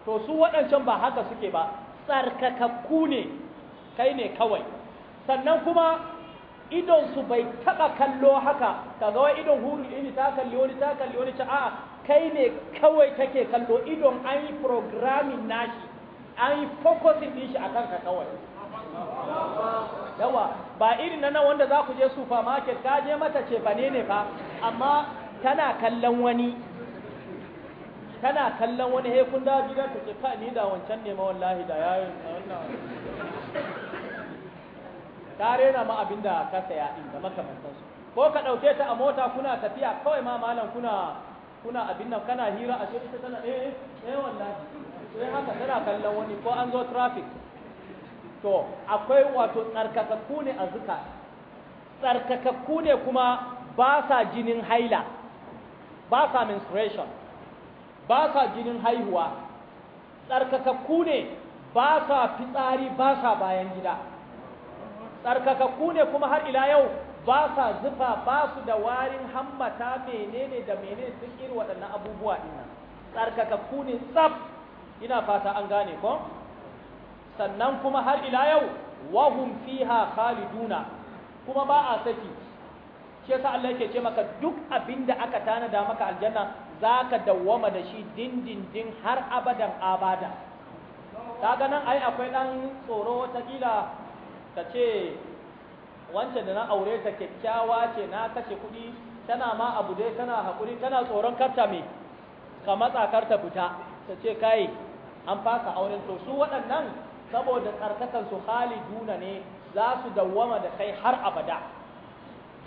to su waɗancan ba haka suke ba tsarkakakku ne kai ne kawai sannan kuma idon su bai taba kallo haka kaga wai idon huru ini ta kalli wani ta kalli wani a'a kai ne kawai take kallo idon an yi programming nashi an yi focusing din shi akan ka kawai yawa ba irin nan wanda za ku je supermarket ka je mata ce ba ne fa amma tana kallon wani tana kallon wani he kun da gidan ta ce ka ni da wancan ne ma wallahi da yayin wannan ka rena ma abin da ka saya din da makamantansu ko ka ɗauke ta a mota kuna tafiya kawai ma malam kuna kuna abin nan kana hira a ce ita tana eh eh, eh wallahi sai haka tana kallon wani ko an zo traffic to akwai wato tsarkakakku ne a zuka tsarkakakku ne kuma ba sa jinin haila ba sa menstruation ba sa jinin haihuwa tsarkakakku ne ba sa fitsari ba sa bayan gida tsarkakakku ne kuma har ila yau ba sa zufa ba su da warin hammata menene da menene sun iri waɗannan abubuwa ɗin nan tsarkakakku ne tsaf ina fata an gane ko sannan kuma har ila yau wahum fiha khaliduna kuma ba a saki shi yasa Allah yake ce maka duk abin da aka tanada maka aljanna zaka dawwama da shi dindindin har abadan abada kaga nan ai akwai dan tsoro wata kila ka ce wancan da na aure ta kyakkyawa ce na kashe kuɗi tana ma abu dai tana haƙuri tana tsoron karta me ka matsa karta fita ta ce kai an fasa auren to su waɗannan saboda tsarkakansu su hali duna ne za su dawwama da kai har abada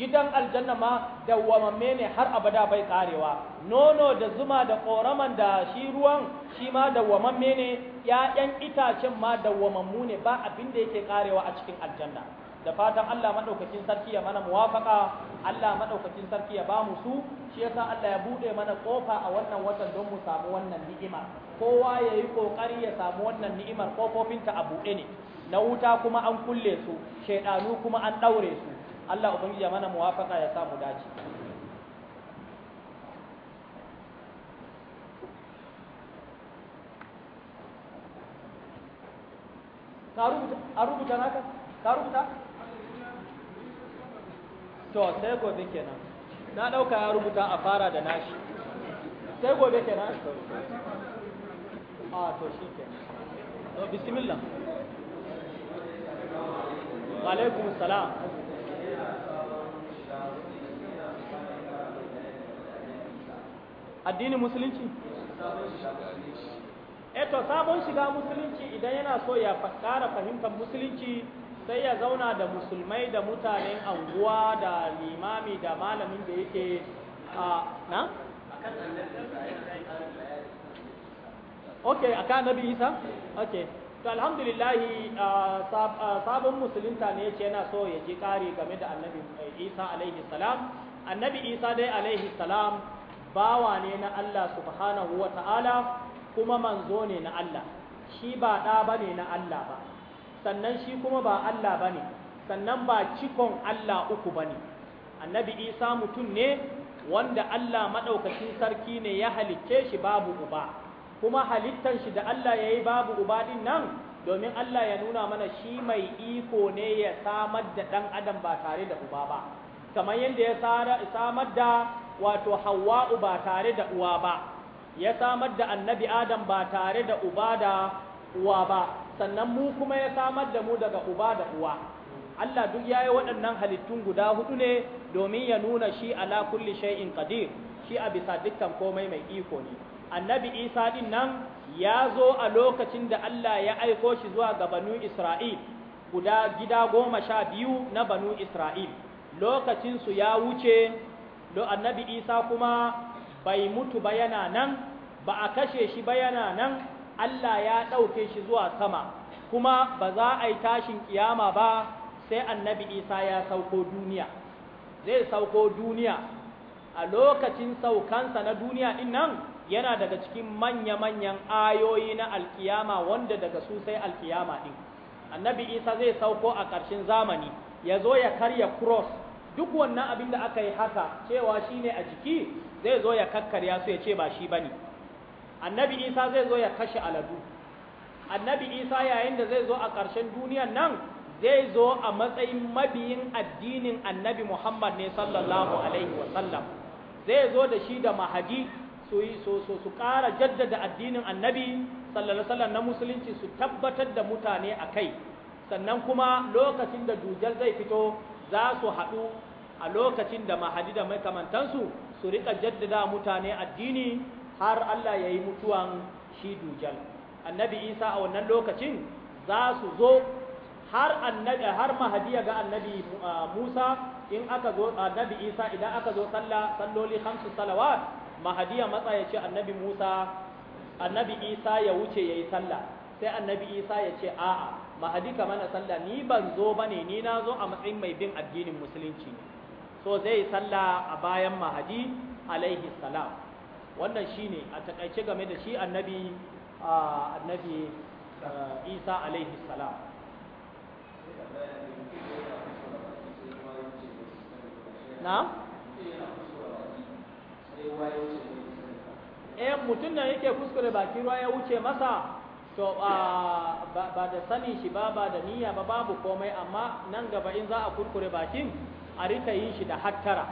gidan aljanna ma dawwamamme ne har abada bai karewa nono da zuma da koraman da shi ruwan shi ma dawwamamme ne ƴaƴan itacen ma dawwamammu ne ba abin da yake karewa a cikin aljanna da fatan Allah madaukakin sarki ya mana muwafaka Allah madaukakin sarki ya bamu su shi yasa Allah ya bude mana kofa a wannan watan don mu samu wannan ni'ima kowa yayi kokari ya samu wannan ni'imar kofofinta a buɗe ne na wuta kuma an kulle su shaidanu kuma an daure su Allah ubangiji mana muwafaka ya samu dace ka rubuta naka ka rubuta to sai gobe kenan na dauka ya rubuta a fara da nashi sai gobe kenan a ah, to shi kenan to bismillah alaikum salam addinin musulunci eto eh sabon shiga musulunci idan yana so ya ƙara fahimtar musulunci sai ya zauna da musulmai da mutanen anguwa da limami da malamin da yake a na? ok a kan nabi isa? ok to alhamdulillahi sabon musulunta ne yace yana so ya ji kari game da annabi eh, Isa alaihi salam annabi Isa dai alaihi salam bawa ne na Allah subhanahu wa ta'ala kuma manzo ne na Allah shi ba ɗa ne na Allah ba sannan shi kuma ba Allah ne sannan ba cikon Allah uku bane annabi Isa mutum ne wanda Allah maɗaukacin sarki ne ya halicce shi babu uba kuma halittar shi da Allah ya yi babu uba nan domin Allah ya nuna mana shi mai iko ne ya samar da ɗan adam ba tare da uba ba kamar yadda ya samar da wato hawa'u ba tare da uwa ba ya samar da annabi adam ba tare da uba da uwa ba sannan mu kuma ya samar da mu daga uba da uwa Allah duk ya yi waɗannan halittun guda hudu ne domin ya nuna shi ala kulli shay'in qadir shi a bisa dukkan komai mai iko ne annabi isa din nan ya zo a lokacin da Allah ya aiko shi zuwa ga banu Isra'il guda gida goma sha biyu na banu Isra'il lokacin su ya wuce annabi isa kuma bai mutu ba yana nan ba a kashe shi ba yana nan Allah ya ɗauke shi zuwa sama kuma ba za a yi tashin kiyama ba sai annabi isa ya sauko duniya zai sauko duniya a lokacin saukansa na duniya din nan yana daga cikin manya-manyan ayoyi na alkiyama wanda daga su sai alkiyama ɗin annabi isa zai sauko a ƙarshen zamani ya zo ya karya cross duk wannan abin da aka yi haka cewa shi ne a jiki zai zo ya kakkarya su ya ce ba shi ba ne annabi isa zai zo ya kashe aladu annabi isa yayin da zai zo a ƙarshen duniyan nan zai zo a matsayin mabiyin addinin annabi muhammad ne sallallahu alaihi wasallam zai zo da shi da mahadi su yi so so su ƙara jaddada addinin annabi sallallahu na musulunci su tabbatar da mutane a kai sannan kuma lokacin da dujal zai fito za su haɗu a lokacin da mahadi da makamantansu su riƙa jaddada mutane addini har Allah ya yi mutuwan shi dujal annabi isa a wannan lokacin za su zo har annabi har mahadi ga annabi uh, Musa in aka zo annabi Isa idan aka zo sallah salloli khamsu salawat mahadi ya matsa ya ce annabi Musa annabi Isa ya wuce ya yi sallah sai annabi Isa ya ce a'a mahadi ka mana sallah ni ban zo ba ne, ni na zo a matsayin mai bin addinin musulunci so zai yi sallah a bayan mahadi alaihi salam wannan shi ne a takaice game da shi annabi annabi Isa alaihi salam na eh mutum nan yake kuskure baki ruwa ya wuce masa to ah, ba da sani shi ba ba da niyya ba babu komai amma nan gaba in za a kurkure bakin a rika yin shi da hattara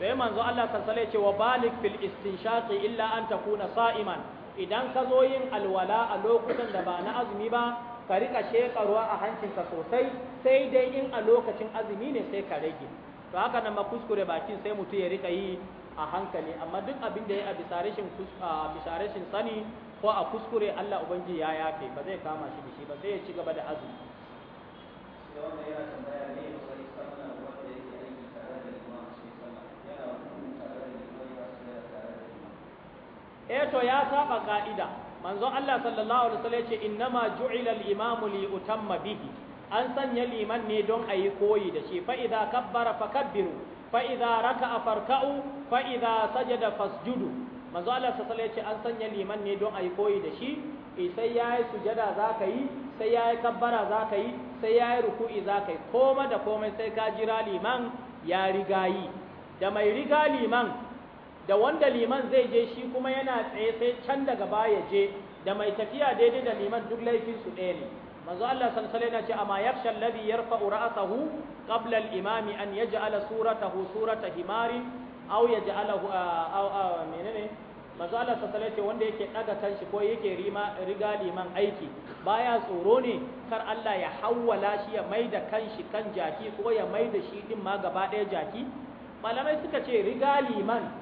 sai manzo Allah sallallahu ce wa balik fil istinshaqi illa an takuna sa'iman idan ka zo yin alwala a lokutan da ba na azumi ba ka rika sheka ruwa a hancinka sosai sai dai in a lokacin azumi ne sai ka rage to haka nan ma kuskure bakin sai mutum ya rika yi a hankali amma duk abin da ya a bisa rashin sani ko a kuskure Allah ubangi ya yafe ba zai kama shi da shi ba sai ya ci gaba da azumi eh to ya saba ka'ida manzon Allah sallallahu alaihi wasallam yace innama ju'ila al-imamu li utamma bihi an sanya liman ne don ayi koyi da shi fa idza kabbara fakabbiru fa'iza raka a farka'u fa'iza saje da fasjudu manzo Allah ce an sanya liman ne don a yi koyi da shi eh, sai ya yi sujada za ka yi sai ya yi kabbara za ka yi sai ya yi ruku'i za ka yi koma da komai sai ka jira liman ya riga yi da mai riga liman da wanda liman zai je shi kuma yana tsaye sai can daga baya je da mai tafiya daidai da liman duk laifinsu ɗaya ne manzo Allah sallallahu na ce amma yakhsha alladhi yarfa'u ra'sahu qabla al-imami an yaj'ala suratahu surata himarin aw yaj'alahu aw aw menene manzo Allah sallallahu ce wanda yake daga kanshi ko yake rima riga liman aiki baya tsoro ne kar Allah ya hawwala shi ya maida kanshi kan jaki ko ya maida shi din ma gaba ɗaya jaki malamai suka ce riga liman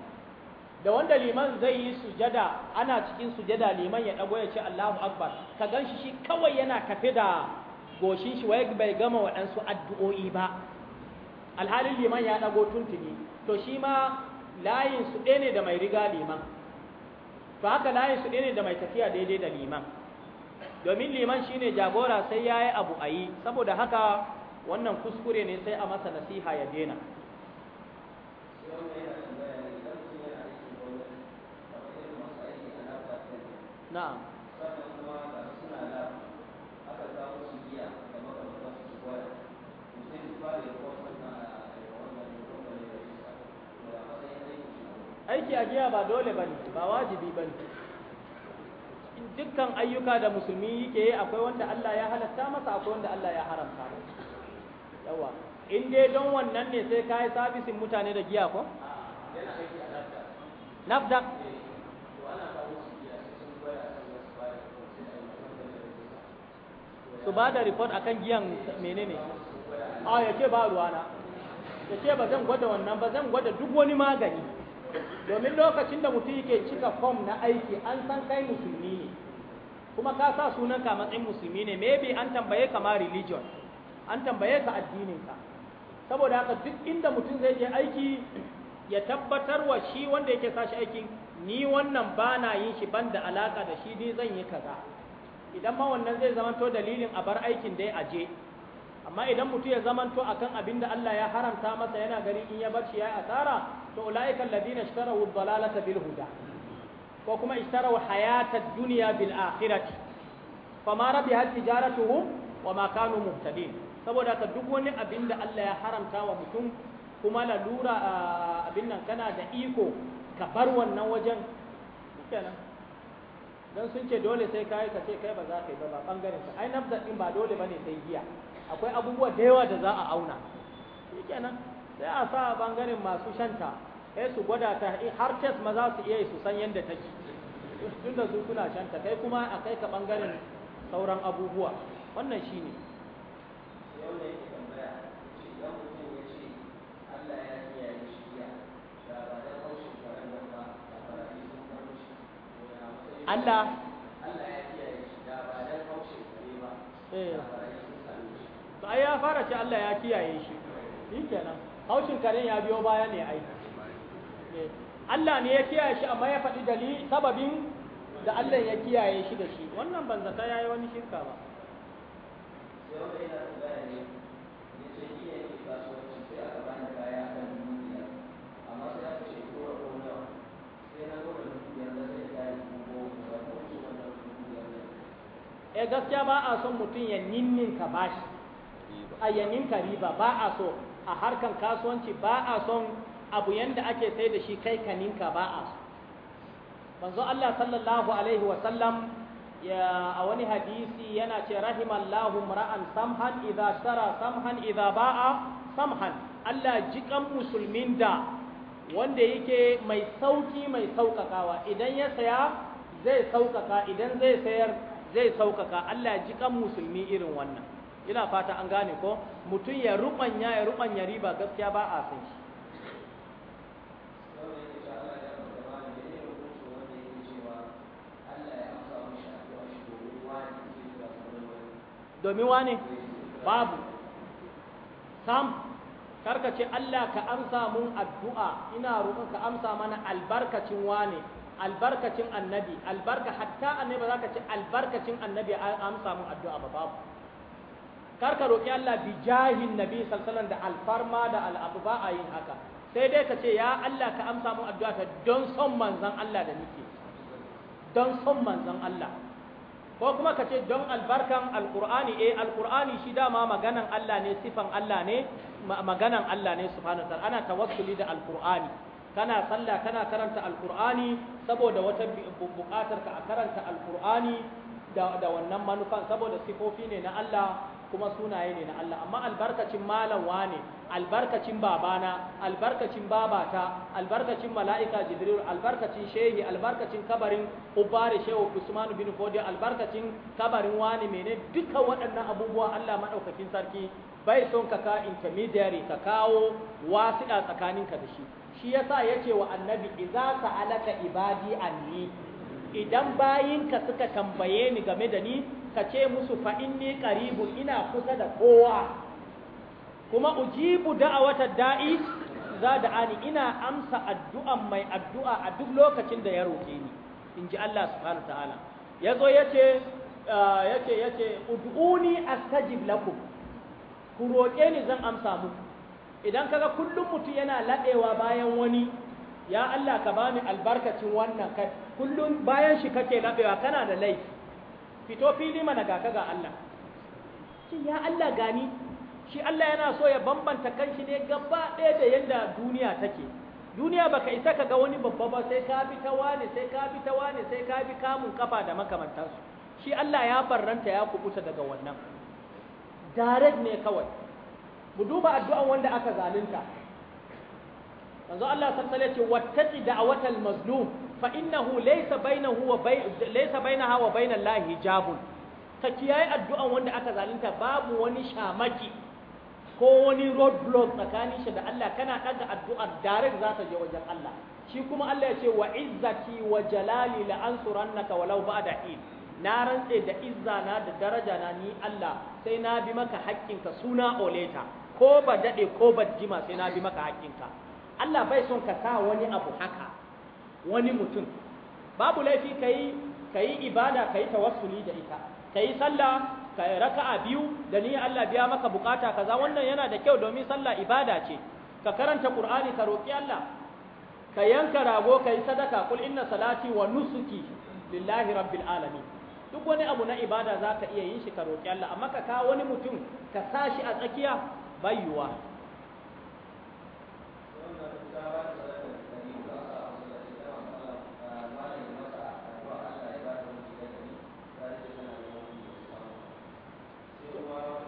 da wanda liman zai yi sujada ana cikin sujada liman ya dago ya ce Allahu Akbar ka ganshi shi kawai yana kafe da goshin shi wai bai gama waɗansu addu'o'i ba alhalin liman ya dago tuntuni to shi ma layin su ɗaya ne da mai riga liman to haka layin su ɗaya ne da mai tafiya daidai da liman domin liman shine jagora sai yayi abu ayi saboda haka wannan kuskure ne sai a masa nasiha ya daina na'am aiki a giya ba dole ba ne ba wajibi ba ne dukkan ayyuka da musulmi yake yi akwai wanda Allah ya halatta masa akwai wanda Allah ya haramta masa yawa in dai don wannan ne sai ka yi sabisin mutane da giya ko? yana aiki nafdak su ba da report kan giyan menene a ya ce ba ruwana ya ce ba zan gwada wannan ba zan gwada duk wani magani domin lokacin da mutum yake cika form na aiki an san kai musulmi ne kuma ka sa sunan ka matsayin musulmi ne maybe an tambaye ka ma religion an tambaye ka addinin ka saboda haka duk inda mutum zai je aiki ya tabbatar wa shi wanda yake sashi aiki ni wannan ba na yin shi banda alaka da shi ni zan yi kaza idan ma wannan zai zamanto dalilin a bar aikin dai aje amma idan mutum ya zamanto akan abin da Allah ya haramta masa yana gari in ya bar shi ya asara to ula'ikan ladina ishtaraw ad-dalalata bil huda ko kuma ishtaraw hayata duniya bil akhirati fama rabihat tijaratuhum wama kanu muhtadin saboda ka duk wani abin da Allah ya haramta wa mutum kuma lalura abin nan kana da iko ka bar wannan wajen kenan don sun ce dole sai kayi ka ce kai ba za ka yi ba bangaren ka ai nafsa din ba dole bane sai giya akwai abubuwa da yawa da za a auna shikenan sai a sa bangaren masu shanta sai su gwada ta eh, har test ma za su iya su san yadda take tunda da su suna shanta kai kuma a kai ka bangaren sauran abubuwa wannan shine ne Allah ba eh. ya fara ce Allah ya kiyaye shi shi kenan haushin karen ya biyo baya ne ai eh. Allah ne ya kiyaye shi amma ya faɗi dali sababin da Allah ya kiyaye shi da shi wannan banzata ya yayi wani shirka ba eh gaskiya ba a son mutum ya ninninka bashi a ya riba ba a so a harkan kasuwanci ba a son abu yanda ake sai da shi kai ka ninka ba a so manzo Allah sallallahu alaihi wa sallam ya a wani hadisi yana ce rahimallahu mar'an samhan idza shara samhan idza ba'a samhan Allah jikan musulmin da wanda yake mai sauki mai sauƙaƙawa idan ya saya zai sauƙaƙa idan zai sayar zai saukaka Allah ya ji kan musulmi irin wannan ina fata an gane ko mutum ya ruɓanya ya ruɓanya ba gaskiya ba a san domin wane babu sam karka ce Allah ka amsa mun addu'a ina roƙon ka amsa mana albarkacin wane albarkacin annabi albarka hatta annabi ba za ka ce albarkacin annabi an samu addu'a ba babu kar ka roƙi Allah bi jahin nabi sallallahu da alfarma da al'abu ba a yin haka sai dai ka ce ya Allah ka amsa mu addu'a ta don son manzon Allah da nake don son manzon Allah ko kuma ka ce don albarkan alkur'ani eh alkur'ani shi dama maganan Allah ne sifan Allah ne maganan Allah ne subhanahu wa ta'ala ana tawassuli da alkur'ani kana sallah kana karanta alkur'ani saboda wata buƙatar ka a karanta alkur'ani da, wannan manufan saboda sifofi ne na Allah kuma sunaye ne na Allah amma albarkacin malam wane albarkacin babana albarkacin babata albarkacin mala'ika jibril albarkacin shehi albarkacin kabarin ubare shehu usman bin fodi albarkacin kabarin wane mene duka waɗannan abubuwa Allah madaukakin sarki bai son ka ka intermediary ka kawo wasiɗa tsakaninka da shi shi yasa yace wa annabi idza sa'alaka ibadi anni idan bayinka suka tambaye ni game da ni ka ce musu fa inni qaribun ina kusa da kowa kuma ujibu da'awata da'i za da ani ina amsa addu'an mai addu'a a duk lokacin da ya roke ni in ji Allah subhanahu ta'ala yazo yace ah, yace yace ud'uni astajib lakum ku roke ni zan amsa muku idan kaga kullum mutum yana laɗewa bayan wani ya Allah ka bani albarkacin wannan kai kullum bayan shi kake laɓewa kana da laifi fito fili mana ga kaga Allah shi ya Allah gani shi Allah yana so ya bambanta kanshi ne gaba ɗaya da yadda duniya take duniya baka isa ka ga wani babba ba sai ka bi ta sai ka bi ta sai ka bi kamun kafa da makamantansu shi Allah ya barranta ya kubuta daga wannan direct ne kawai mu duba addu'an wanda aka zalunta manzo Allah sallallahu alaihi wasallam wattaqi watan mazlum fa innahu laysa bainahu wa laysa bainaha lahi hijabun ka kiyaye addu'an wanda aka zalunta babu wani shamaki ko wani roadblock tsakanin shi da Allah kana daga addu'ar direct za ta je wajen Allah shi kuma Allah ya ce wa izzati wa jalali la ansurannaka walau ba'da hin na rantse da izza na da daraja na ni Allah sai na bi maka haƙƙinka suna oleta ko ba daɗe ko ba jima sai na bi maka hakinka Allah bai son ka sa wani abu haka wani mutum babu laifi kayi kayi ibada kayi tawassuli da ita kayi sallah ka a biyu da ni Allah biya maka bukata kaza wannan yana da kyau domin sallah ibada ce ka karanta Qur'ani ka roki Allah ka yanka rago ka yi sadaka kul inna salati wa nusuki lillahi rabbil alamin duk wani abu na ibada za ka iya yin shi ka roƙi Allah amma ka kawo wani mutum ka sa shi a tsakiya bayuwa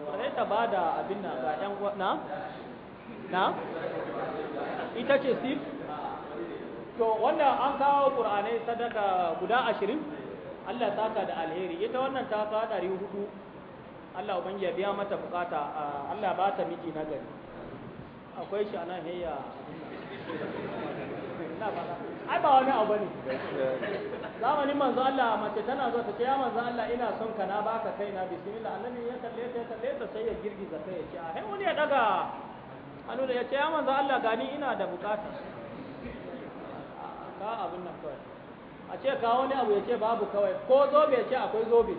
kwarai ta ba da abin na ga ‘yan na? na? ita ce steve? to wannan an kawo ƙur'anai sadaka guda ashirin Allah saka da alheri ita wannan ta kawo ɗari Allah ubangi ya biya mata bukata Allah ba ta miji na gari akwai shi anan hayya ai ba wani abu ne zamanin manzo Allah mace tana zo ta ce ya manzo Allah ina son ka na baka kai na bismillah annabi ya kalle ta ya kalle ta sai ya girgiza kai ya ce ai ah, wani ya daga hannu da ya ce ya manzo Allah gani ina da bukata ka abin nan kawai a ce kawo ne abu ya ce babu kawai ko zobe ya ce akwai zobe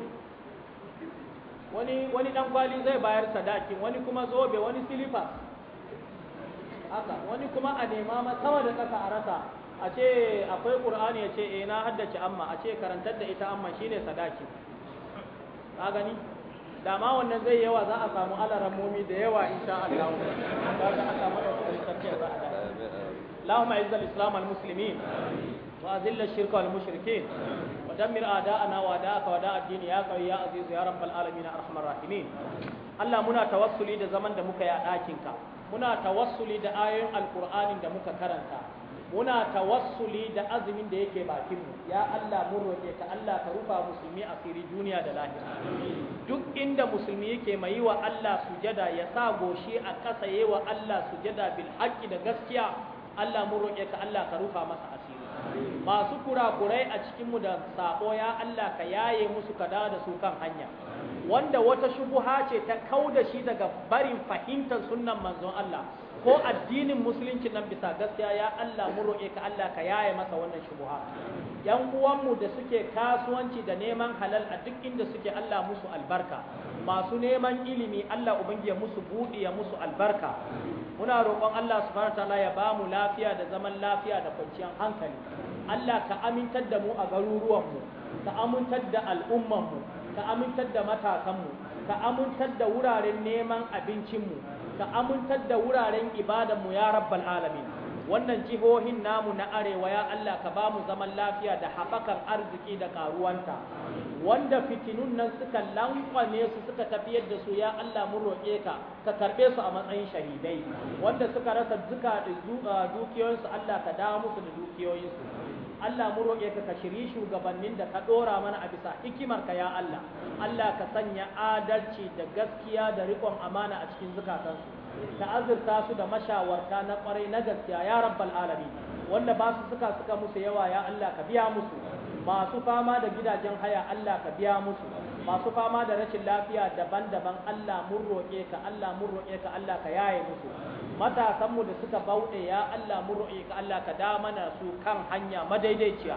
wani wani dan kwali zai bayar sadaki wani kuma zobe wani silifa haka wani kuma a nema ma sama da kasa a rasa a ce akwai qur'ani ya ce eh na haddace amma a ce karantar da ita amma shine sadaki ka gani dama wannan zai yawa za a samu alaran momi da yawa insha Allah za a samu da sarki za a dace. Allahumma izzal islam al muslimin amin وأذل الشرك والمشركين ودمر أعداءنا وأعداءك وأعداء الدين يا قوي يا عزيز يا رب العالمين أرحم الراحمين Allah muna tawassuli da zaman da muka yi a ɗakinka, muna tawassuli da ayoyin alkur'anin da muka karanta, muna tawassuli da azumin da yake bakinmu, ya Allah mun roƙe ka Allah ka rufa musulmi asiri duniya da lahira. Duk inda musulmi yake mai yi wa Allah sujada ya sa goshi a kasa yi wa Allah sujada bil da gaskiya, Allah mun roƙe ka Allah ka rufa masa masu kurakurai a cikinmu da sabo ya Allah ka yaye musu ka da su kan hanya wanda wata shubuha ce ta kauda shi daga barin fahimtar sunnan manzon Allah ko addinin musulunci nan bisa gaskiya ya Allah mu roƙe ka Allah ka yaye masa wannan shubuha yan uwanmu da suke kasuwanci da neman halal a duk inda suke Allah musu albarka masu neman ilimi Allah ubangiya musu buɗi ya musu albarka muna roƙon Allah subhanahu wataala ya ba mu lafiya da zaman lafiya da kwanciyar hankali Allah ka amintar da mu a garuruwanmu ka amintar da al'ummanmu ka amintar da matasanmu ka amintar da wuraren neman abincinmu ka amintar da wuraren ibadanmu ya rabbal alamin wannan jihohin namu na arewa ya Allah ka ba mu zaman lafiya da haɓakar arziki da karuwanta wanda fitinun nan suka lankwane su suka tafiyar da su ya Allah mun roƙe ka ka karɓe su a matsayin shahidai wanda suka rasa duka uh, dukiyoyinsu Allah ka dawo musu da dukiyoyinsu Allah mu roƙe ka ka shiri shugabannin da ka ɗora mana a bisa hikimarka ya Allah Allah ka sanya adalci da gaskiya da riƙon amana a cikin zukatansu Ta'azurta azurta su da mashawarta na ƙwarai na gaskiya ya rabbal alami wanda ba su suka suka musu yawa ya Allah ka biya musu masu fama da gidajen haya Allah ka biya musu masu fama da rashin lafiya daban-daban Allah mun roƙe ka Allah mun roƙe ka Allah ka yaye musu matasanmu da suka bauɗe ya Allah mur'i ka Allah ka da mana su kan hanya madaidaiciya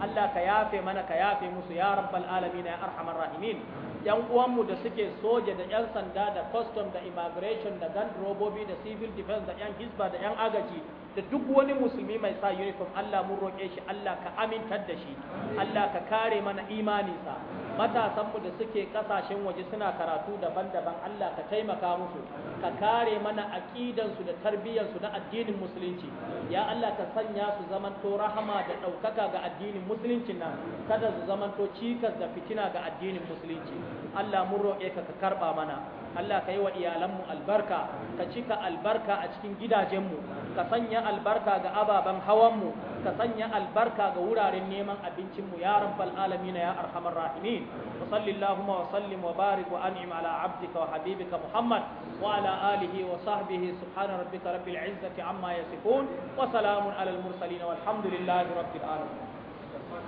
Allah ka yafe mana ka yafe musu ya rabbal alamin ya arhamar rahimin yan uwanmu da suke soja da yan sanda da custom da immigration da gan robobi da civil defense da yan hisba da yan agaji da duk wani musulmi mai sa uniform Allah mun roƙe shi Allah ka amintar da shi Allah ka kare mana imaninsa matasanmu da suke kasashen waje suna karatu daban-daban Allah ka taimaka musu ka kare mana aƙidansu da tarbiyyarsu na addinin musulunci ya Allah ka sanya su zamanto rahama da ɗaukaka ga addinin musulunci nan kada su zamanto cikas da fitina ga addinin musulunci Allah mun roƙe ka ka karɓa mana Allah ka yi wa iyalanmu albarka ka cika albarka a cikin gidajenmu ka sanya albarka ga ababen hawanmu ka sanya albarka ga wuraren neman abincinmu ya rabbal alamin ya arhamar rahimin wa sallallahu wa sallim wa barik wa an'im ala abdika wa habibika muhammad wa ala alihi wa sahbihi subhana rabbika rabbil izzati amma yasifun wa salamun ala al mursalin walhamdulillahi rabbil alamin